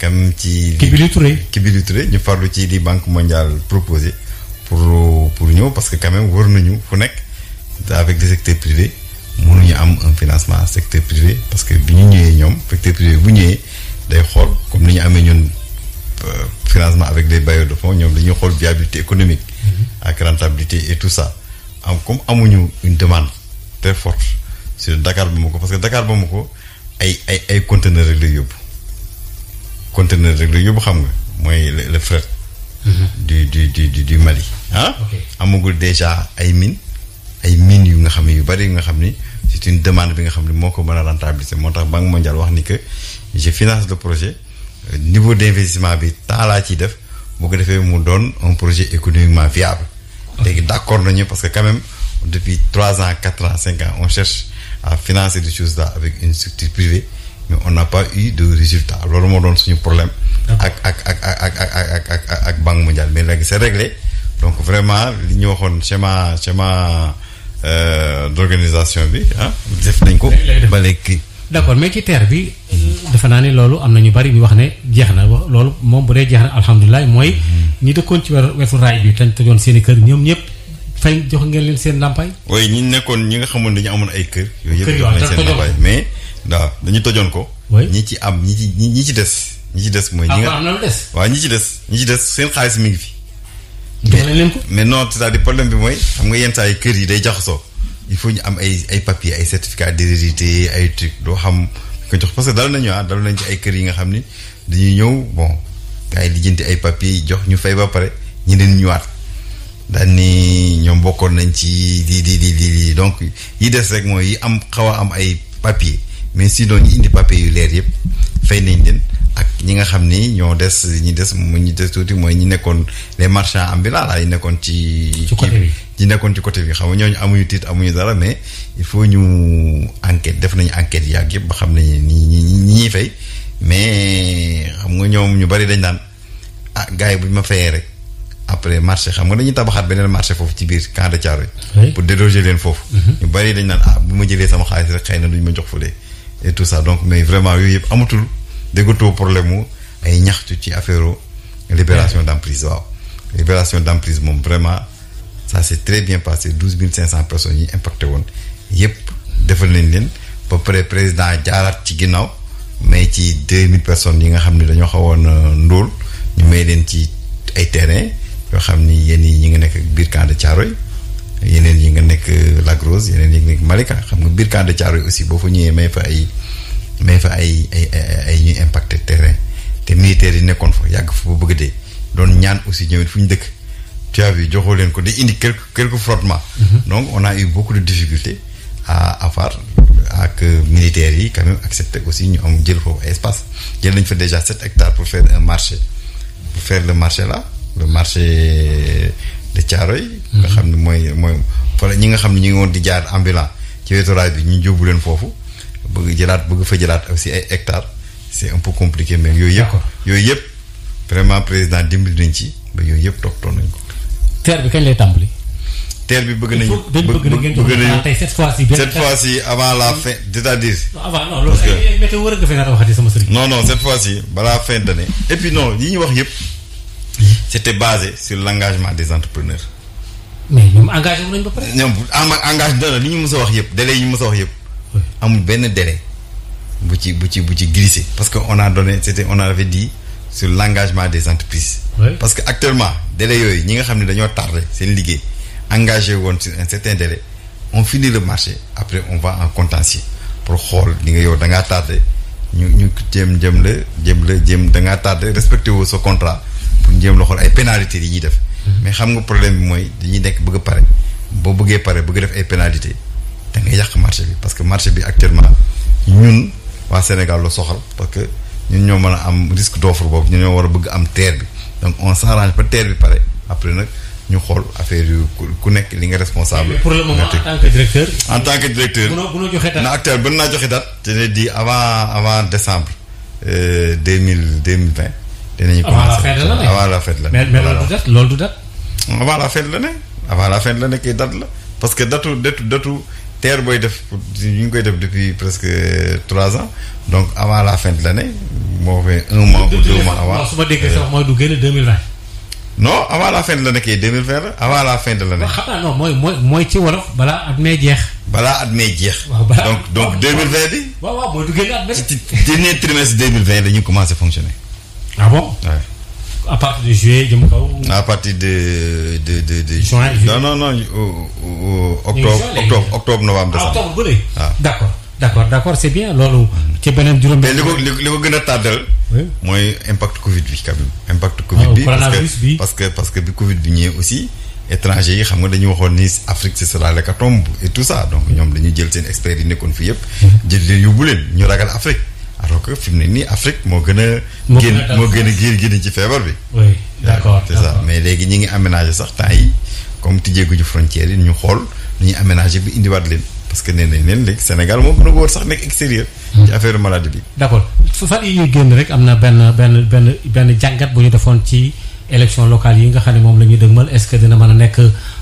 quand même ci. Kibili Touré Kibili Touré ñu farlu ci li banque mondiale proposé pour pour ñëw parce que quand même wër nañu fu nekk avec le secteur privé mënuñu am un financement secteur privé parce que ñëwee ñoom secteur privé bu ñëwee. day xool comme ni ñu amee ñun euh, financement avec des bailleurs de fonds ñoom dañuy xool viabilité économique.
Mm-hmm.
ak rentabilité et tout ça am comme amuñu une demande très forte sur Dakar ko parce que Dakar Bamako ko ay ay conteneurs rek lay yóbbu conteneurs rek lay yóbbu xam nga mooy le fret. Mm-hmm. du du du Mali. ah amagul déjà ay mines ay mines yu nga xam ne yu bari yu nga xam ni c'est une demande bi nga xam ne moo ko mën a rentabiliser moo tax Banque mondiale wax ni que. je finance le projet euh, niveau d' investissement bi temps laa ciy def boo ko defee mu doon un projet économiquement viable. léegi d' accord nañu parce que quand même depuis trois ans quatre ans cinq ans on cherche à financer des choses là avec une structure privée mais on n'a pas eu de résultat loolu moo doon suñu problème. ak ak ak ak ak ak ak banque mondiale mais léegi c' est réglé donc vraiment li ñu waxoon schéma schéma euh, d' organisation bi ah def nañ ko. ba
d'accord mais ci terre bi defe naa ne loolu am na ñu bari ñu wax ne jeex na loolu moom bu dee jeex na alhamdulilah mooy ñi dëkkoon ci wetu raay bi te tëjoon seen i kër ñoom ñëpp fay jox ngeen leen seen ndàmpaay.
waaye ñi nekkoon ñi nga xamoon dañu amoon ay kër. yooyu yëpp jox leen seen mais waaw dañu tojoon ko. ñi ci am ñi ci ñi ci des. ñi ci des mooy ñi ah, nga am na lu des. waaw ñi ci des ñi ci des seen xaalis mi ngi fi. jox leen ko mais non c'est-à-dire problème bi mooy xam nga yenn saa yi kër yi day jaxasoo il faut ñu am ay ay papiers ay certificats d'hérédité ay trucs doo xam nga jox parce que dal nañu ah dal nañ ci ay kër yi nga xam ni dañuy ñëw bon gars yi lijjanti ay papiers jox ñu fay ba pare ñu leen ñëwaat daal ni ñoom bokkoon nañ ci di di di di donc yi des rek mooy yi am xaw a am ay papiers mais sinon ñu indi papiers yu leer yëpp fay nañ leen. ak ñi nga xam ni ñoo des ñi des mu ñu des tuuti mooy ñi nekkoon les marchands ambulants la yi nekkoon ci. ci côté bi ñi nekkoon ci côté bi xam nga ñooñu amuñu tiit amuñu dara mais il faut ñu enquête def nañu enquête yàgg yëpp xam ne ñi ñi fay mais xam nga ñoom ñu bari dañ naan ah gars yi bu ñu ma fayee rek après marché xam nga dañuy tabaxaat beneen marché foofu ci biir camp de Thiaroye pour déloger leen foofu mhm. ñu bari dañ naan ah bu ma jëlee sama xaalis rek xëy na duñ ma jox fële et tout ça donc mais vraiment yooyu yëpp amatul déggatoo problème mu ay ñaxtu ci affaire libération d'emprise waaw libération d'emprise moom vraiment ça s'est très bien passé douze mille cinq cent personnes yi impacté woon yëpp defal nañ leen ba pare président jaaraat ci ginnaaw mais ci deux mille personnes yi nga xam ne dañoo xawoon euh, ndóol ñu may leen ci ay terrain yoo xam ni yéen yi ñi nga nekk biir camp de yeneen yi nga nekk euh, Lac yeneen yi nga Malika xam nga biir camp de Thiaroye aussi boo fa ñëwee may fa ay may fa ay ay ay ñuy impacte terrain te militaires yi nekkoon fa yàgg fa ba bëgg dee doon ñaan aussi ñëwit fu ñu dëkk caabi joxoo leen ko day indi quelques quelques frottements. Mhm. donc on a eu beaucoup de difficultés à ak militaires yi quand même accepté aussi ñu am jël foofu espace jël nañ fa déjà sept hectares pour faire un marché pour faire le marché là le marché de Thiaroye nga mhm. xam ne mooy mooy fala ñi nga xam ne ñu ngi woon di jaar ambulant ci wetu raay bi ñu jóbbu leen foofu bëgg jëlaat bëgg fa jëlaat aussi ay hectares c'est un peu compliqué mais yooyu yëpp yooyu yëpp vraiment président dimbali nañ ci ba yooyu yëpp toog nañ ko TER bi kañ lay tàmbali. TER bi bëgg nañu bëgg nañu bëgg nañu tey cette fois ci. cette fois ci avant la fin c'est-à-dire. avant non loolu ay météo war a gëfee naa waxati sama sëriñ. non non cette fois ci balaa fin d'année. et puis non yi ñuy wax yëpp. c'était basé sur l'engagement des entrepreneurs. mais ñoom engagé wu nañu ba pare. ñoom engagé dara li ñu mës a wax yëpp délai yi ñu mës a wax yëpp. amul benn délai. bu ci bu ci bu ci glissé. parce que on a donné c'était on avait dit. su l' engagement des entreprises. Oui. parce que actuellement délai yooyu ñi nga xam ne dañoo tardé seen liggéey engagé woon sur un certain délai on finit le marché après on va en contentieux pour xool li nga yow da ngaa tardé ñu ñu jéem jëm la jëm la jëm da ngaa tardé respecté woo sa contrat pour jëm la xool ay pénalités yi ñuy def. Mm-hmm. mais xam nga problème bi mooy dañuy nekk bëgg a pare boo bëggee pare bëgg def ay pénalité da nga yàq marché bi parce que marché bi actuellement ñun Sénégal soxal ñun ñoo mën a am risque d'offre boobu ñu ñoo war a bëgg am terre bi donc on s'arrange ba terre bi pare après nag ñu xool affaire yu ku nekk li nga responsable. pour le moment en tant que directeur. en tant que directeur na acteur bën naa joxe date. te di avant avant décembre euh, deux mille deux mille vingt. dinañu commencé avant la fête la mais mais loolu du avant la fête la ne avant la fête la ne kay date la parce que datu datu datu. teer booy def ñu ngi koy def depuis presque trois ans donc avant la fin la ne année moo fee un mois ou mois avant. su ma déggee sax
mooy du génn deux mille vingt
non avant la fin de l'année kay 2020 avant la fin de l'année. waaw
xam mooy mooy mooy ci wolof balaa at mee jeex. balaa at mee jeex. donc donc 2020 bi.
waaw waaw mooy duggee at mee. ci dernier trimestre 2020 la ñu commencé fonctionner. ah à partir de juillet jëm kaw. de de de de. juin non non non octobre octobre octobre novembre ah, décembre. octobre bu waaw ah.
d' accord d' accord d' accord c' est bien loolu. ci beneen juróom mais li ko
li ko gën a tàddal. mooy impact Covid bi quand impact Covid ah, bi parce que parce que parce que bi Covid bi ñëwee aussi. étranger yi xam nga dañu waxoon ni Afrique ce sera l'hécatombe et tout ça donc ñoom dañu jël seen experts yi nekkoon fii yëpp. Mhm. jël leen yóbbu leen ñu ragal Afrique. alors que fi nii Afrique moo gën a. moo gën moo gën a génn génn ci feebar bi. oui d' accord c'est ça mais léegi ñi ngi aménagé sax temps yi comme tijjeeguñu frontière yi ñu xool nu ñuy aménagé bi indiwaat leen parce que nee nañ leen léegi Sénégal moo gën a wóor sax nekk extérieur. ci hmm. affaire bi. d' accord
fan yii ñuy am na benn benn benn benn jàngat bu ñu defoon ci élection local yi nga xam ne moom la ñuy dëgmal est ce que dina mën a nekk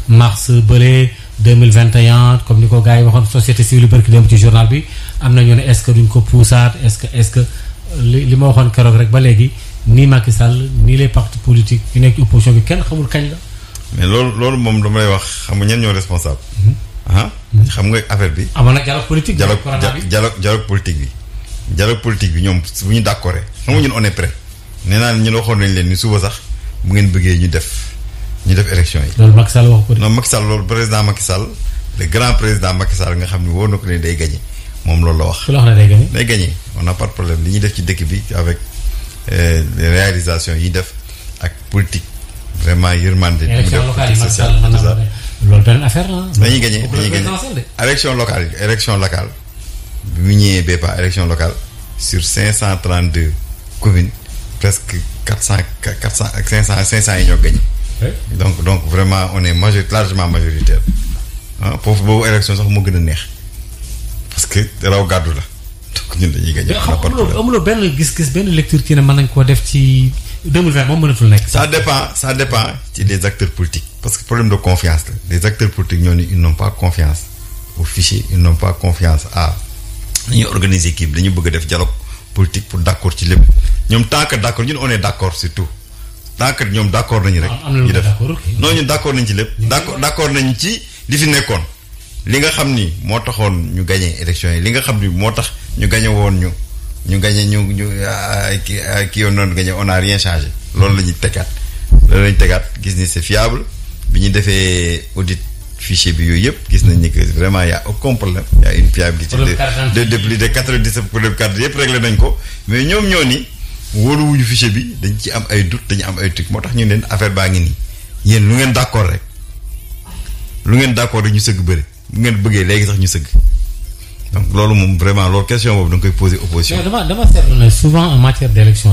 mars bële 2021 comme ni ko gars yi waxoon société civile bi barki dem ci journal bi. am na ñu ne est-ce que duñ ko puusaat est-ce que li li ma waxoon keroog rek ba léegi nii Macky Sall nii les partis politiques yu nekk opposition bi kenn xamul kañ la.
mais loolu loolu moom dama lay wax xam nga ñenn ñoo responsable. Mhm. ah mhm. xam nga affaire bi. amoon na dialogue politique. dialogue dialogue dialogue politique bi. dialogue politique bi ñoom bu ñu d'accord xam nga ñun on est prêt nee naa ñun waxoon nañ leen ni suba sax mu ngeen bëggee ñu def ñu def élection yi. loolu Macky Sall wax ko de. non Macky loolu président Macky Sall le grand président Macky nga xam ne woo na ko ne day gagné. moom loolu la wax. ku la wax ne day gagné day gagné on n'a pas de problème li ñuy def ci dëkk bi avec euh, réalisation yi def ak politique vraiment yërmande. bi mu def social loolu benn affaire la. dañuy gagné dañuy gagné élection locale élection locale bi mu ñëwee BEPA élection locale sur 532 communes presque 400 cent ak 500 500 yi ñoo gagné. donc donc vraiment on est majoritaire largement majoritaire ah foofu boobu élection sax moo gën a neex. parce que raw gàddu la donc ñun dañuy gagné.
amuloo benn gis-gis benn lecture ci ne nañ koo def ci 2020 moom mënatul nekk. ça
dépend ça dépend ci les que problème de confiance la les acteurs politiques ñoo ni ils n'ont pas confiance au fichier ils organiser kii bi dañu bëgg def dialogue politique pour d'accord ci lépp ñoom tant que d'accord ñun on est d'accord surtout tant que ñoom d'accord nañu rek. Ah, ñu def non ñun d'accord nañ ci lépp. d'accord d'accord nañ ci li fi nekkoon. li nga xam ni moo taxoon ñu gañe élection yi li nga xam ni moo tax ñu gagné woon ñu ñu gagné ñu ñu euh, ki euh, kii yoon noonu gagné on a rien changé. loolu la ñuy tegaat loolu la tegaat gis ni c'est fiable bi ñu defee audit fichier bi yooyu yëpp gis nañ ni que vraiment y a aucun problème y a une fiabilité de de plus de quatre vingt dix problème carte yëpp réglé nañ ko mais ñoom ñoo ni wóoluwuñu fichier bi dañ ci am ay doute dañu am ay truc moo tax ñu leen affaire baa ngi nii yéen lu ngeen d'accord rek lu ngeen d'accord rek ñu sëgg bëri. ngeen bëggee léegi sax ñu sëgg donc loolu moom vraiment loolu question boobu da nga koy poser opposition. mais
dama dama seetlu ne souvent en matière d' élection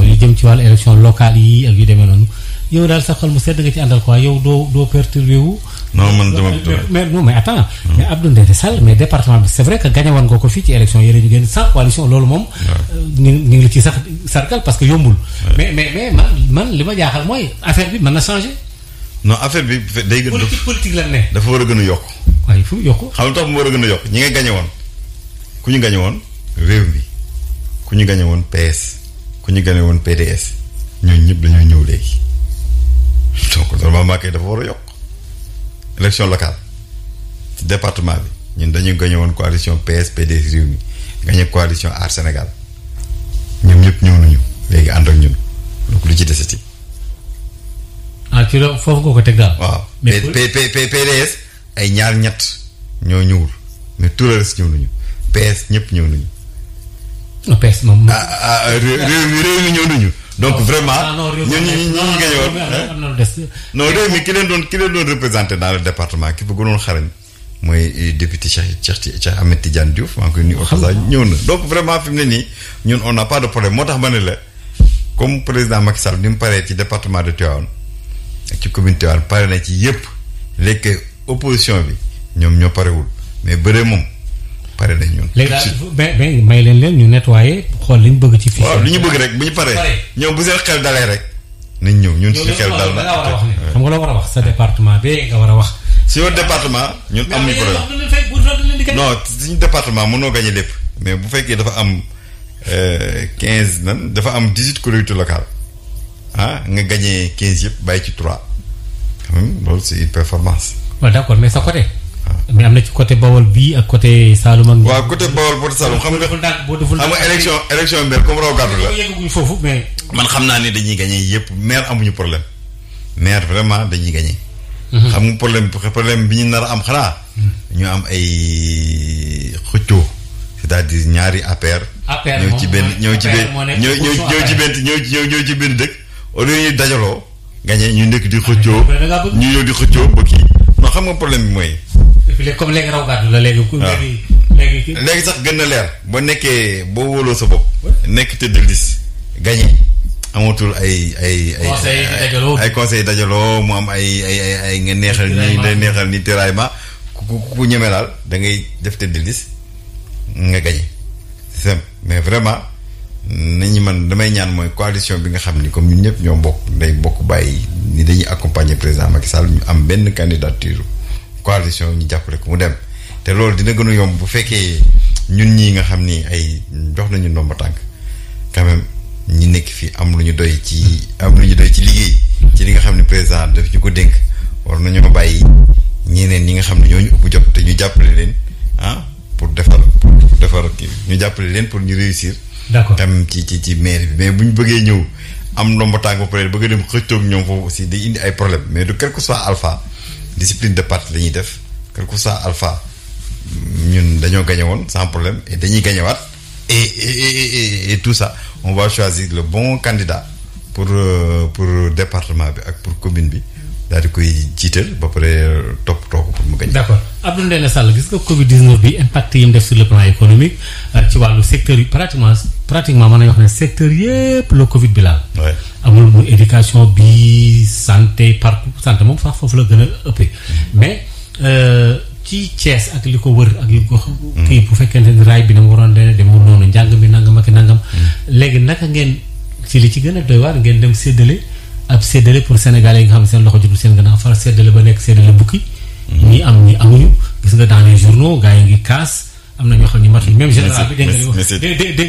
yow daal sa xol mu sedd nga ci àndal quoi yow doo doo perturbé wu. non man dama mais non mais attends. mais hmm. Abdou Ndéné Sall mais département bi c' est que gagné woon ko fii ci élection yéen ñu génn sans coalition loolu moom. Euh, ñu ngi la ci sax sargal parce que yombul. mais mais mais
man li ma jaaxal mooy affaire bi mën na changé non affaire bi day gën politique politique ne. dafa war a gën a yokk. waaye fu yokk. xam nga tax mu war a gën a yokk ñi nga gañe woon ku ñu gañe woon réew mi ku ñu gañe woon PS ku ñu gañe woon PDS ñooñu ñëpp dañoo ñëw léegi donc normalement kay dafa war a yokk élection locale ci département bi ñun dañu gañe woon coalition PS PDS réew mi gañe coalition Aar Sénégal ñoom ñëpp ñëw nañu léegi ànd ak ñun donc lu ci desati.
ah ci loolu foofu nga ko teg daal. waaw mais
PDS ay ñaar ñett ñoo ñëwul tout le reste ñëw nañu PS ñëpp ñëw nañu. Ah, PS moom. ah ah, ah réew mi donc ah, vraiment ñun ñu ñu ñu ngi woon non réew mi ki leen doon ki leen doon représenté dans le département ki fa gënoon xarañ mooy euh, député Cheikh Cheikh Cheikh Ahmed Tidiane Diouf maa ngi koy nuyu ñëw na donc vraiment fi mu ne nii ñun on n'a pas de problème moo tax ma ne la comme président Macky Sall ni mu paree ci département de Tivaouane ci commune Tivaouane pare na ci yëpp léegi opposition bi ñoom ñoo parewul mais bëre moom pare nañ ñun. léegi
daal may leen leen ñu nettoyé xool li ñu bëgg ci. fii waaw ñu bëgg
rek bu ñu paree. ñoom bu seen xel dalee rek. nañ ñëw ñun suñu xel dal na xam
nga la war a wax sa département bee nga
war a wax. si yow département ñun amuñu
problème non
suñu département mënoo gagné lépp mais bu fekkee dafa am quinze na dafa am dix huit collectivités locales ah nga gagné quinze yëpp bàyyi ci trois. quand hmm? même loolu c'est une performance.
waaw d' mais sa côté. Ah. mais am na ci côté Bawol bii ak côté Saloum ak. waa
côté Bawol côté Saloum xam nga. boo deful xam nga élection élection maire comme raw gàddu la. foofu mais. man xam naa ne dañuy gagné yëpp maire amuñu problème maire vraiment dañuy gagné. Mhm. xam nga problème problème bi ñu nar am xanaa. Mhm. ñu am ay xëccoo. c'est-à-dire ñaari APR. APR ñëw ci benn ñëw ci benn ñëw ñëw ci benn ñëw ñëw ci benn dëkk. au lieu ñu dajaloo. gañe ñu nekk di xëccoo ñu ñëw di xëccoo ba kii non xam nga problème bi mooy.
comme léegi raw gàddu
la léegi. Ah.
léegi
sax gën na leer. ba nekkee boo wóoloo sa bopp. nekk tëdd liste. gañe amatul ay ay ay. ay conseil dajaloo mu am ay ay ay nga neexal nii neexal ni tiraillement ku ku ñeme daal da def tëdd liste nga gañe c'est mais vraiment. nañu man damay ñaan mooy coalition bi nga xam ni comme ñun ñëpp ñoo bokk day bokk bàyyi ni dañuy accompagner président Macky Sall ñu am benn candidature coalition ñu jàppale ko mu dem te loolu dina gën a yomb bu fekkee ñun ñii nga xam ni ay jox nañu ndomba tànk quand même nekk fii am lu ñu doy ci am lu ñu doy ci liggéey ci li nga xam ne président daf ñu ko dénk war nañoo bàyyi ñeneen ñi nga xam ne ñooñu ëpp jot te ñu jàppale leen ah pour defar pour defar kii ñu jàppale leen pour ñu réussir d'accord tam ci ci ci maire bi mais bu ñu bëggee ñëw am ndombo tàng ba pare bëgg dem xëccoog ñoom foofu aussi day indi ay problème mais du quel que soit alpha discipline de parti la ñuy def quel que soit alpha ñun dañoo gagné woon sans problème dañuy gagné waat et tout ça on va choisir le bon candidat pour euh, pour département bi ak pour commune bi daal di koy jiital ba pare euh, topp toog pour mu gagné. d'accord
Abdou Ndéné Sall gis nga Covid 19 bi impact mu def sur le plan économique euh, ci pratiquement man na wax ne secteur yëpp la Covid bi laal. amul muy éducation bi santé partout santé moom sax foofu la gën a ëpp mm-hmm. mais euh, ci Thiès ak li ko wër ak li ko. Mm-hmm. kii bu fekkente ni raay bi na mu waroon dana dem mu noonu njàng mi nangam ak nangam. Mm-hmm. léegi naka ngeen ci li ci gën a doy waar ngeen dem séddale ab séddale pour sénégalais yi nga xam ne seen loxo jotul seen gannaaw far séddale ba nekk séddale bukki ñi am ñi amuñu gis nga dans journaux gars yi am na ñoo xam ne matuñu même général bi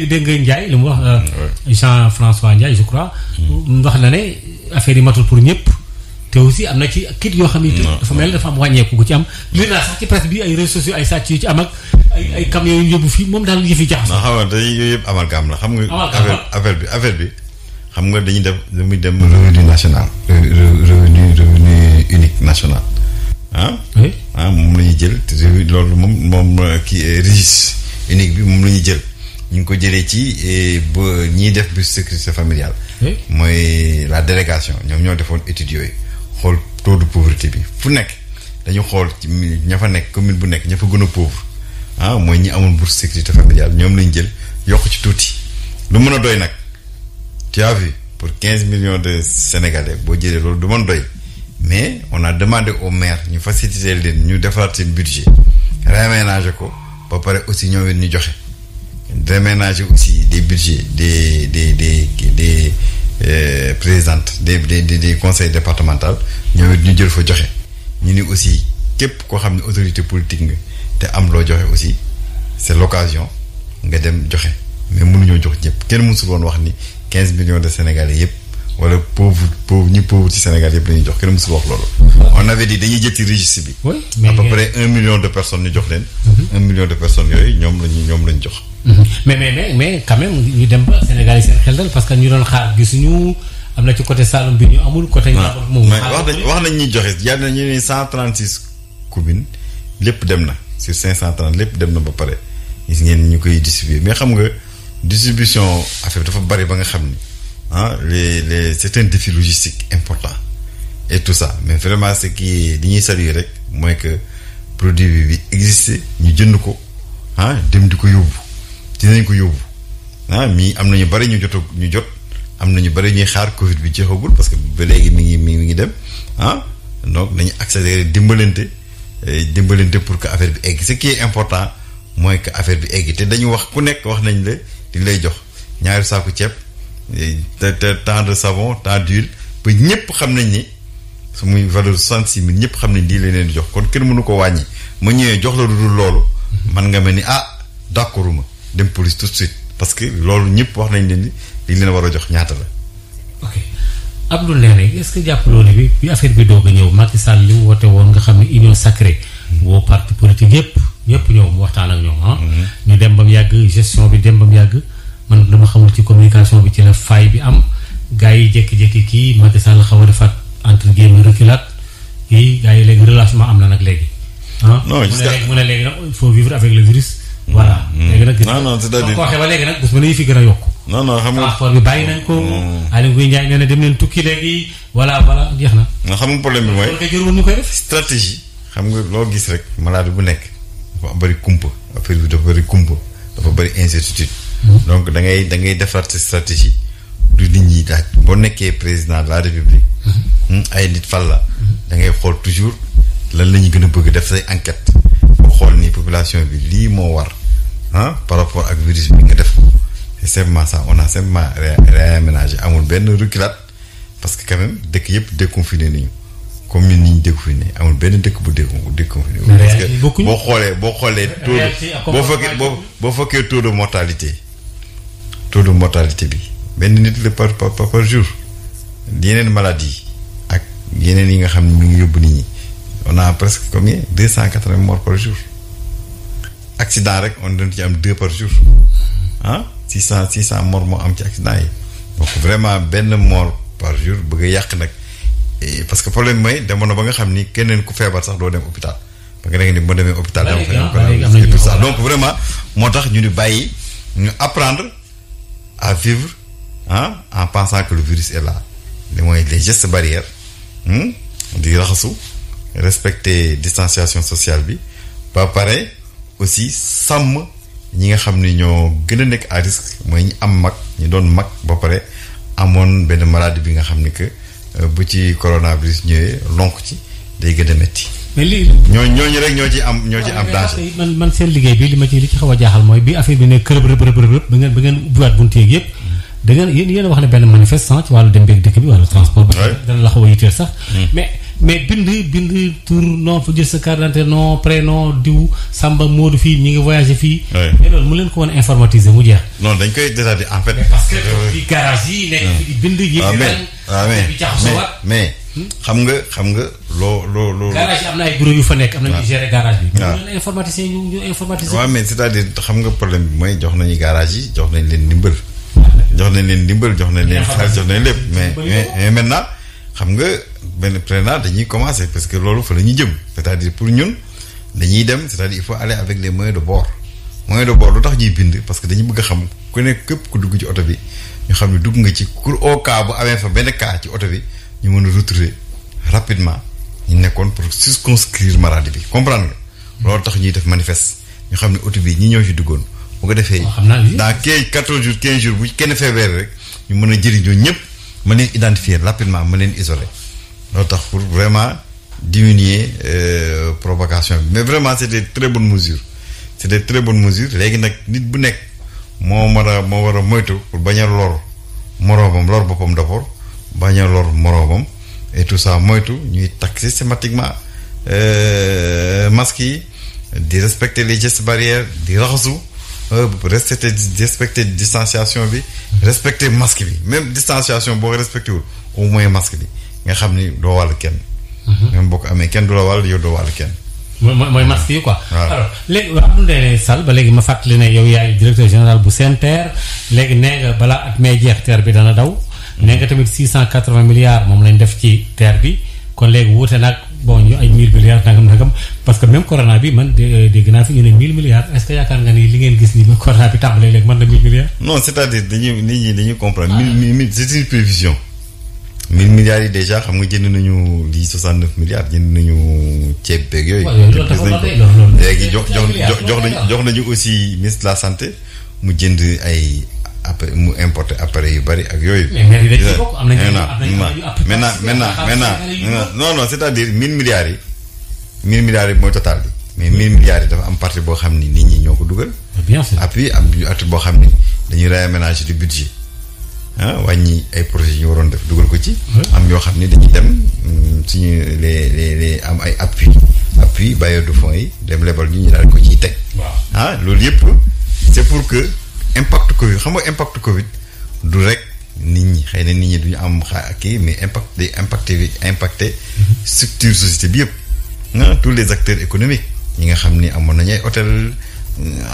dégg nga li wax dégg nga Ndiaye li mu euh, mm, mm. wax na ne affaire yi matul pour ñëpp te aussi am na ci kit yoo xam ne mm, dafa mel dafa am wàññeeku gu ci am li naa ay réseaux yu ci am ay ay camions fii
moom daal yëf yi jaxasoo xam nga dañuy yooyu yëpp amalgame la xam nga affaire bi affaire bi xam nga dañuy dem revenu national revenu unique national jël te loolu moom moom euh, kii euh, registre unique bi moom la ñuy jël ñu ngi ko jëlee ci euh, ba ñiy def bu sécurité familial mooy la délégation ñoom ñoo defoon études yooyu xool taux de bi fu nekk dañu xool ci ña fa nekk commune bu nekk ña fa gën a pauvre ah mooy ñi amul bourse sécurité familiale ñoom lañ jël yokk ci tuuti lu mën a doy nag tu as pour quinze millions de sénégalais boo jëlee loolu du mën doy mais on a demandé au maire ñu faciliter leen ñu defaraat seen budget réaménager ko ba pare aussi ñoo it ñu joxe réaménager aussi des budgets des des des des euh, présidentes des des des conseils départemental ñoom it ñu jël fa joxe ñu ni aussi képp koo xam ne autorité politique nga te am loo joxe aussi c'est l'occasion nga dem joxe mais mënuñoo jox ñëpp kenn mësul woon wax ni quinze millions de Sénégalais yëpp wala pauvre pauvre ñi pauvre ci Sénégal yëpp la ñuy jox kenn mësul wax loolu. on avait dit dañuy jël ci bi. oui mais un million de personnes ñu jox leen. Mhm. un million de personnes yooyu ñoom la ñu ñoom la ñu jox.
Mhm. mais mais mais mais ñu dem Sénégal yi seen xel dal parce que ñu doon xaar gisuñu am na ci côté Saloum bi ñu amul. côté Niakhou moom wax nañ
wax nañ ñuy joxe yal na ñu ne 136 communes lépp dem na sur 530 lépp dem na ba pare gis ngeen ñu koy distribuer mais xam nga distribution affaire dafa bari ba nga xam ah les les c'est un défi logistique important et tout ça mais vraiment ce qui di ñuy saluer rek mooy que produit bi bi existe ñu jënd ko ah dem di ko yóbbu dinañ ko yóbbu ah mii am na ñu bari ñu jot ñu jot am na ñu bari ñuy xaar Covid bi jeexagul parce que ba léegi mi ngi mi ngi dem ah donc nañu accélérer dimbalante eh, dimbalante pour que affaire bi egg ce qui important mooy que affaire bi egg te dañu wax ku nekk wax nañ la di lay jox ñaari saaku ceeb. te te tant de savon tant d'huile ba ñëpp xam nañ ni su muy valeur soixante six mille ñëpp xam nañ lii la leen jox kon kenn mënu ko wàññi ma ñëwee jox la lu dul loolu mhm. man nga mel ni ah d'accord ma dem police tout suite parce que loolu ñëpp wax nañ leen ni li leen war a jox ñaata la.
ok
Abdou Leye est-ce que jàpp loolu bi bi affaire bi doog a ñëw Macky Sall li woote woon nga xam ne union sacrée boo mhm. parti politique yëpp ñëpp ñëw waxtaan ak ñoom ah. Mhm. ñu dem ba yàgg gestion bi dem ba yàgg. man dama xamul ci communication bi ci la faay bi am gars yi jékki kii Macky Sall xaw a defaat entre guillemets reculat kii gars yi léegi am na nag léegi. Ah, non gis ne léegi nag il faut vivre avec le virus. Mm-hmm. voilà léegi nag. non non c'est-à-dire koo fi gën a yokk non non xam nga transport bi bàyyi nañ ko. Mm-hmm. Aliou Ngouye Ndiaye nee na dem leen tukki léegi voilà voilà jeex na. nga xam nga problème bi mooy. loolu
stratégie xam nga loo gis rek malade bu nekk ba bëri kumpa affaire bi dafa bëri kumpa bëri incertitude donc da ngay da ngay defar sa stratégie du nit ñi daaj boo nekkee président de la république mhm. hmm, ay nit fal la da ngay xool toujours lan la ñu gën a bëgg def say enquête boo xool ni population bi lii moo war ah par rapport ak virus bi nga def ko simplement ça on a simplement réaménagé amul benn reculade parce que quand même dëkk yëpp déconfiné nañu comme ñun ni ñu déconfiné amul benn dëkk bu déconfiné parce que boo xoolee boo xoolee taux boo fekkee boo fekkee taux de mortalité taux de mortalité bi benn nit la par par par jour yeneen maladies yi ak yeneen yi nga xam ne ñu ngi yóbbu nit ñi on a presque combien deux cent quatre-vingts morts par jour accident rek on doon ci am deux par jour ah six cent six cent morts moo am ci accident yi donc vraiment benn mort par jour bëgg yàq nag parce que problème mooy demoon ba nga xam ni keneen ku feebar sax doo dem hôpital parce que da nga ni moo demee hôpital. dama fa dem ah, donc vraiment moo tax ñu di bàyyi ñu apprendre. à vivre ah en pensant que le virus est là li mooy les gestes barrières hmm, di raxasu respecter distanciation sociale bi ba pare aussi sàmm ñi nga xam ni ñoo gën a nekk à mooy ñi am mag ñi doon mag ba pare amoon benn maladie bi nga xam ni que euh, bu ci coronavirus ñëwee lonk ci day gën a metti mais lii. ñooñu ñooñu rek ñoo ci am ñoo ci am danger.
man man seen liggéey bi li ma ci li ci xaw a jaaxal mooy bi affaire bi ne kërëb rëb rëb rëb ba ngeen ba ngeen ubbiwaat bunt yeeg yëpp. da ngeen yéen yéen wax ne benn la xaw a yitteel sax. Hmm. mais mais bind bind tur non fu jël sa carte d'identité non prénom diw Samba Modou fii ñu ngi voyagé fii. mais loolu mu leen ko woon informatiser mu jeex.
non dañ koy détaillé en fait. parce que fii garage yi nekk bind. yi mais mais xam nga xam nga loo loo loo. garage am
na ay bureau yu fa nekk am na ñu gérer garage bi. mais
c'est-à-dire xam nga problème bi mooy jox nañu garage yi jox nañ leen ndimbal. jox nañ leen ndimbal jox nañ leen xaalis jox nañ lépp mais mais maintenant xam nga benn président dañuy commencer parce que loolu fa la ñuy jëm c'est-à-dire pour ñun dañuy dem c'est-à-dire il faut aller avec les moyens de bord moyens de bord lu tax ñuy bind parce que dañu bëgg a xam ku nekk képp ku dugg ci oto bi ñu xam ne dugg nga ci ku au cas bu amee fa benn cas ci oto bi ñu mën a retrouver rapidement ñu nekkoon pour circonscrire maladie bi comprendre nga. loolu tax ñuy def manifeste ñu xam ne oto bi ñi ñëw ci duggoon. bu ko defee dans quinze quatorze jours quinze jours bu kenn feebar rek ñu mën a jëriñoo ñëpp mën leen identifier rapidement mën leen isoler loolu tax pour vraiment diminuer euh, provocation bi mais vraiment c' est des très bonnes mesures c' est des très bonnes mesures léegi nag nit bu nekk moo war a moo war a moytu pour bañ a lor moroomam lor boppam d' abord bañ a lor moroomam et tout ça moytu ñuy takk systématiquement euh, masques yi di respecter les gestes barrières di raxasu euh, respecter respecter distanciation bi respecter masque bi même distanciation boo respecté wul au moins masque bi nga xam ni doo wàll kenn mhm. même boo amee kenn du la wàll yow doo wàll kenn
mooy mooy masque yi quoi. waaw alors léegi wax dëgg Sall ba léegi ma fàttali ne yow yaay directeur général bu SENTER léegi nee nga balaa at mee jeex TER bi dana daw. nee nga tamit six cent quatre-vingts milliards moom lañ def ci terre bi kon léegi wuute nag bon ñu ay milliards nangam nangam parce que même corona bi man euh, dégg naa fi ñu na mille milliards.
non c'est-à-dire dañuy nit ñi dañuy comprendre. Ah. mille mille xam nga jënd nañu lii 69 milliards jënd nañu ceeb beeg yooyu. léegi jox jox jox nañu jox nañu aussi ministre de la santé mu jënd ay. appareil mu importé appareil yu bari ak yooyu. maintenant maintenant maintenant non non c'est-à-dire mille milliards yi mooy total bi mais mille milliards yi dafa am partie boo xam ni nit ñi ñoo ko dugal. Ah, bien sûr appui am at boo xam ni dañuy réaménager du budget ah wàññi ay projets ñu waroon def dugal ko ci. am yoo xam ni dañuy dem mm, suñu les les les am ay appui appui bailleurs de fonds yi dem lebal ñu ñu daal ko ciy teg. waaw ah loolu yëpp c'est pour que. impact Covid xam nga impact Covid du rek nit ñi xëy na nit ñi duñu am xaa kii mais impact day impact bi impacté structure société bi yëpp nga tous les acteurs économiques ñi nga xam ni amoon nañu ay hôtel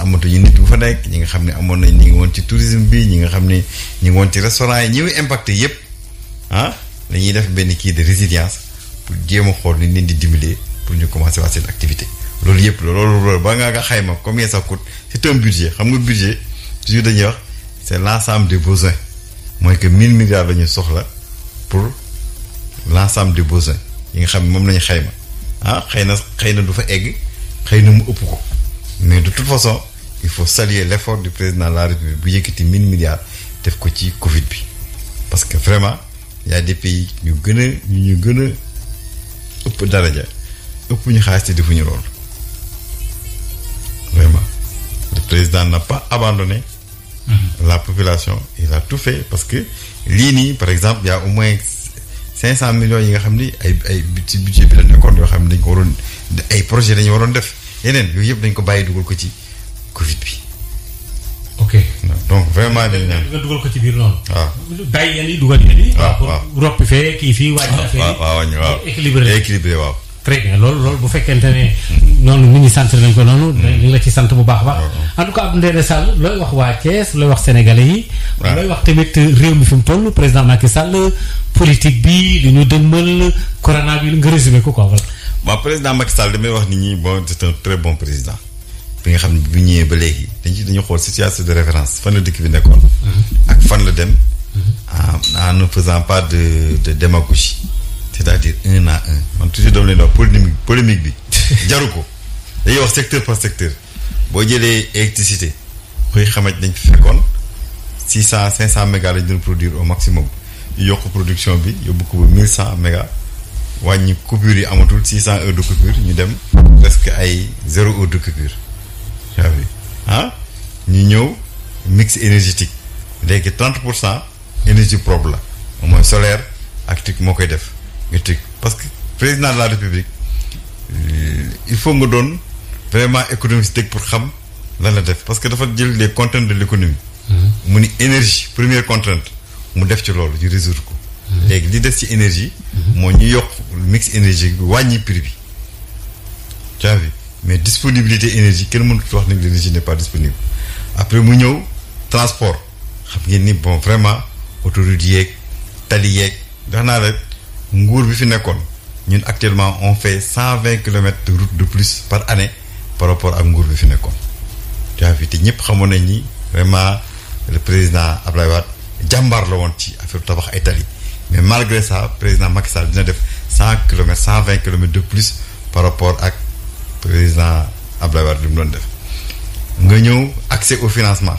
amatuñu nit bu fa nekk ñi nga xam ne amoon nañ ñi ngi woon ci tourisme bi ñi nga xam ni ñi ngi woon ci restaurant yi ñi muy impacté yëpp ah, dañuy def benn kii de résilience pour jéem a xool ni leen di dimbalee pour ñu commencer waa seen activité loolu yëpp loolu loolu ba nga nga xayma combien ça coûte c'est xam nga budget toujours dañuy wax c' est l' ensemble des mooy que 1000 milliards la ñu soxla pour l' ensemble des besoins yi nga xam moom la ñu xayma ah xëy na xëy na du fa egg xëy na mu ëpp ko mais de toute façon il faut saluer l' effort du président la république bu yëkkati 1000 milliards def ko ci Covid bi parce que vraiment y a des ñu gën a ñu gën a ëpp daraja ëpp ñu xaalis te defuñu loolu vraiment le président n'a pas abandonné. Mhm. la population il a tout fait parce que lii nii par exemple il au moins cinq cent millions yi nga xam ni ay ay ci budget bi la nekkoon yoo xam ne dañ ko waroon ay projet dañu waroon def yeneen yooyu yëpp dañ ko bàyyi dugal ko ci Covid bi. donc vraiment dañ naan nga
dugal ko ci biir noonu. waaw
bàyyi yenn yi dugal yenn yi. waaw waaw roppi fee kii fii wàññi. waaw waaw waaw équilibré waaw. très bien loolu loolu bu
fekkente ne noonu nit ñi sant nañ ko noonu. Hmm. dañ la ci sant bu baax a baax. Hmm. en tout Sall looy wax waa Thiès looy wax sénégalais yi. looy wax tamit réew mi fi mu toll président Macky Sall politique bi li ñu dëmmal corona bi nga résumé ko ko
waaw président Macky Sall damay wax nit ñi bon c'est un très bon président. bi nga xam ne bu ñëwee ba léegi dañ ci dañu xool situation de référence fan la dëkk bi nekkoon. Hmm. ak fan la dem. en ne faisant pas de de démagogie c'est-à-dire un à un man toujours dama leen wax polémique bi <laughs> jaru ko dañuy wax secteur par secteur boo jëlee électricité xëy xamaj dañ fi fekkoon six cent cinq cent méga lañ doon produire au maximum ñu yokk production bi yóbbu ko ba mille cent méga wàññi coupure yi amatul six cent heures de coupure ñu dem presque ay zéro heure de coupure ah? ñu ñëw mix énergétique léegi trente pour cent énergie propre la au moins solaire ak tic moo koy def métti parce que président de la république euh, il faut nga doon vraiment économiste dëgg pour xam lan la def parce que dafa jël les contraintes de l'économie mhm. mu ni énergie première contrainte mu def ci loolu ñu résoudre ko mhm. léegi li def ci énergie mhm. moo ñu yokk mix énergie bi wàññi prix bi tu as vu mais disponibilité énergie kenn mënut wax ne l'énergie n'est pas disponible après mu ñëw transport xam ngeen ni bon vraiment autoroute yeeg tali yeeg dax naa rek nguur bi fi nekkoon ñun actuellement on fait cent vingt kilomètres de route de plus par année par rapport ak nguur bi fi nekkoon. tu as vu te ñëpp xamoon nañ ni vraiment le président Abdoulaye jàmbaar la woon ci affaire tabax ay tali mais malgré ça président Macky sa dina def cent kilomètres cent vingt kilomètres de plus par rapport ak président Abdoulaye Wade li mu doon def. nga ñëw accès au financement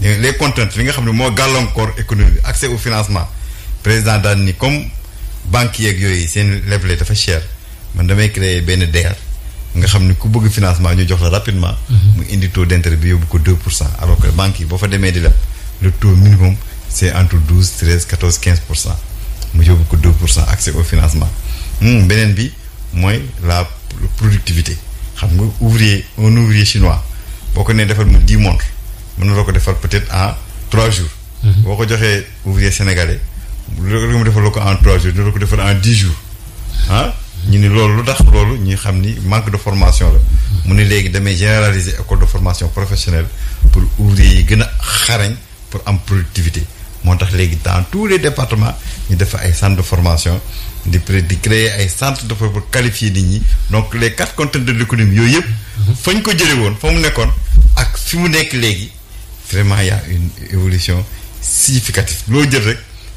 les contraintes li nga xam ne moo gàllankoor économie accès au financement président daal ni comme. banque yeeg yooyu seen leble dafa cher man damay créer benn DER nga xam ne ku bëgg financement ñu jox la rapidement. Mhm. mu indi taux d'intérêt bi yóbbu ko 2 pour cent alors que banque yi boo fa demee di leb le taux minimum c'est entre 12 13 14 15 pour cent mu yóbbu ko 2 pour cent accès au financement. Hmm, beneen bi mooy la productivité xam nga ouvrier un ouvrier chinois boo ko nee defal mu 10 montres mën na la ko defal peut-être en 3 jours. Mhm. boo ko joxee ouvrier sénégalais. lu mu defaloo mu en trois jours dina ko defal en dix jours ah ñu ni loolu lu tax loolu ñi xam ni manque de formation la mu ne léegi damay généraliser école de formation professionnelle pour ouvrier yi gën a xarañ pour am productivité moo tax léegi dans tous les départements ñu def ay centres de formation di di créer ay centres de formation pour qualifier di ñi donc les quatre continents de l'économie yooyu yëpp fañ ko jële woon fa mu nekkoon ak fi mu nekk léegi vraiment y a une évolution significative loo jël rek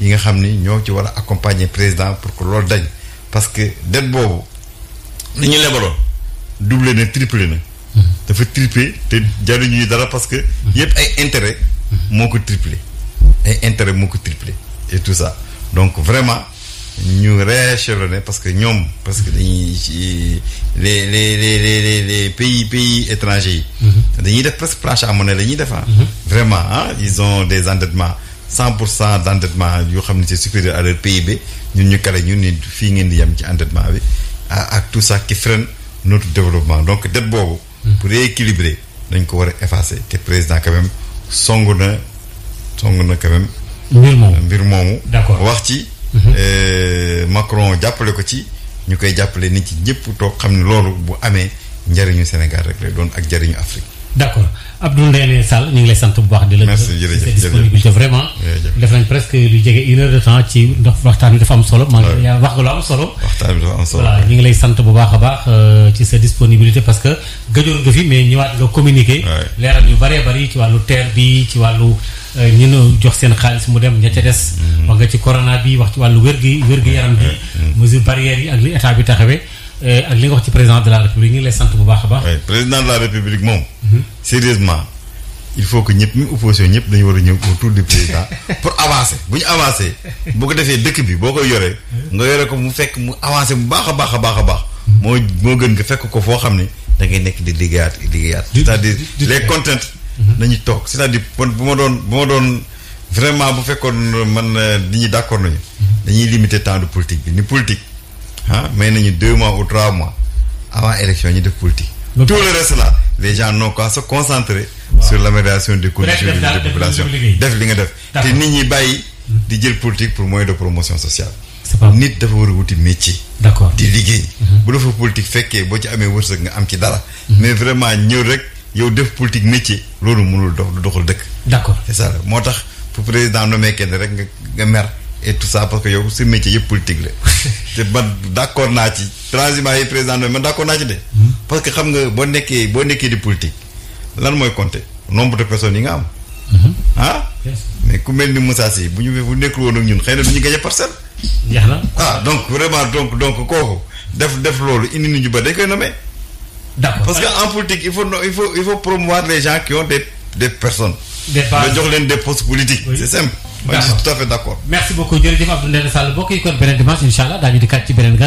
yi nga xam ni ñoo ci war a accompagner président pour que loolu dañ parce que dette boobu li ñu lebaloon doublé ne triplé na dafa triplé te jaruñu ñu dara parce que yëpp ay intérêt moo ko triplé ay intérêt moo ko tout ça donc vraiment ñu rééchelonné parce que ñoom parce que dañuy ci les les les les pays pays étrangers yi mhm. dañuy def presque planche à monnaie la ñuy def mhm. vraiment ah ils ont des endettements cent pour cent d' endettement yoo xam ne si supérieur à pays bi ñun ñu kale ñu ni fii ngeen di yem ci endettement bi ak tout ça qui freine notre développement donc dette boobu hmm. pour rééquilibrer dañ ko war a effacer te président quand même song na song na quand même mbir moomu mbir moomu wax ci hmm. euh, Macron jàppale ko ci ñu koy jàppale nit ci ñëpp toog xam ne loolu bu amee njëriñu Sénégal rek lay doon ak njëriñu Afrique
d' accord Abdou Ndéné Sall ñu ngi lay sant bu baax. di la jërëjëf disponibilité vraiment. def nañ presque lu jege une heure de temps ci ndax waxtaan bi dafa am solo. maa wax nga lu am solo. waxtaan bi dafa am solo ngi lay sant bu baax a baax euh, ci sa disponibilité parce que gëjoon nga fi mais ñëwaat nga communiqué. leeral ñu bëree bëri ci wàllu terre bi ci wàllu euh, ñu nu jox seen xaalis mu dem ña ca des. Mm-hmm. wax nga ci corona bi wax ci wàllu wér gi wér gi yaram bi. mesure barrière yi ak li état bi taxawee. Euh, ak li nga wax ci président de la république ñu ngi lay sant bu baax a baax.
président de la république moom. Mhm. sérieusement il faut que ñëpp ñu opposition ñëpp dañu war a ñëw autour du président <laughs> pour avancer bu ñu avancer bu ko defee dëkk bi boo koy yoree. nga yore ko mu fekk mu avancer bu baax a baax a baax a baax. Mhm. moo moo gën nga fekk ko foo xam ne da ngay nekk di liggéeyaat di liggéeyaat. c'est-à-dire les contraintes. Mhm. nañu toog c'est-à-dire kon bu ma doon bu ma doon vraiment bu fekkoon man nit ñi d'accord nañu. dañuy limiter temps politique bi ni politique. ah may nañu deux mois ou trois mois avant élection ñu def politique. tout le reste là les gens n'ont qu'à concentrer. sur l'amélioration des conditions de vie de population def li nga def. te nit ñi bàyyi hmm. di jël politique pour moyen de promotion sociale. nit dafa war a wuti métier. d'accord di liggéey. Hmm. bu la fa politique fekkee boo ci amee wërsëg nga am ci dara. Hmm. mais vraiment ñëw rek yow def politique métier loolu mënul dox du doxul dëkk. d'accord c'est ça moo tax pour président nommé kenn rek nga nga et tout ça parce que yow si métier yëpp politique la <laughs> te man d' accord naa ci transhumant yi président man d' naa ci de. Hmm. parce que xam nga boo nekkee boo nekkee di politique lan mooy compter nombre de personne yi nga am. Hmm. ah. ku mel ni Moussa bu ñu bu nekkul woon ñun xëy na du ñu gagné parcelle. jeex na ah donc vraiment donc donc kooku def def loolu indi nit ñu ba dañ koy nommer. d' parce que en politique il faut il il faut promouvoir les gens qui des des personnes. des jox leen des postes politiques. c' est d' accord tout à fait d' accord.
merci beaucoup jërëjëf Abdou Ndéné Sall mbokk dimanche incha allah daañu di kat ci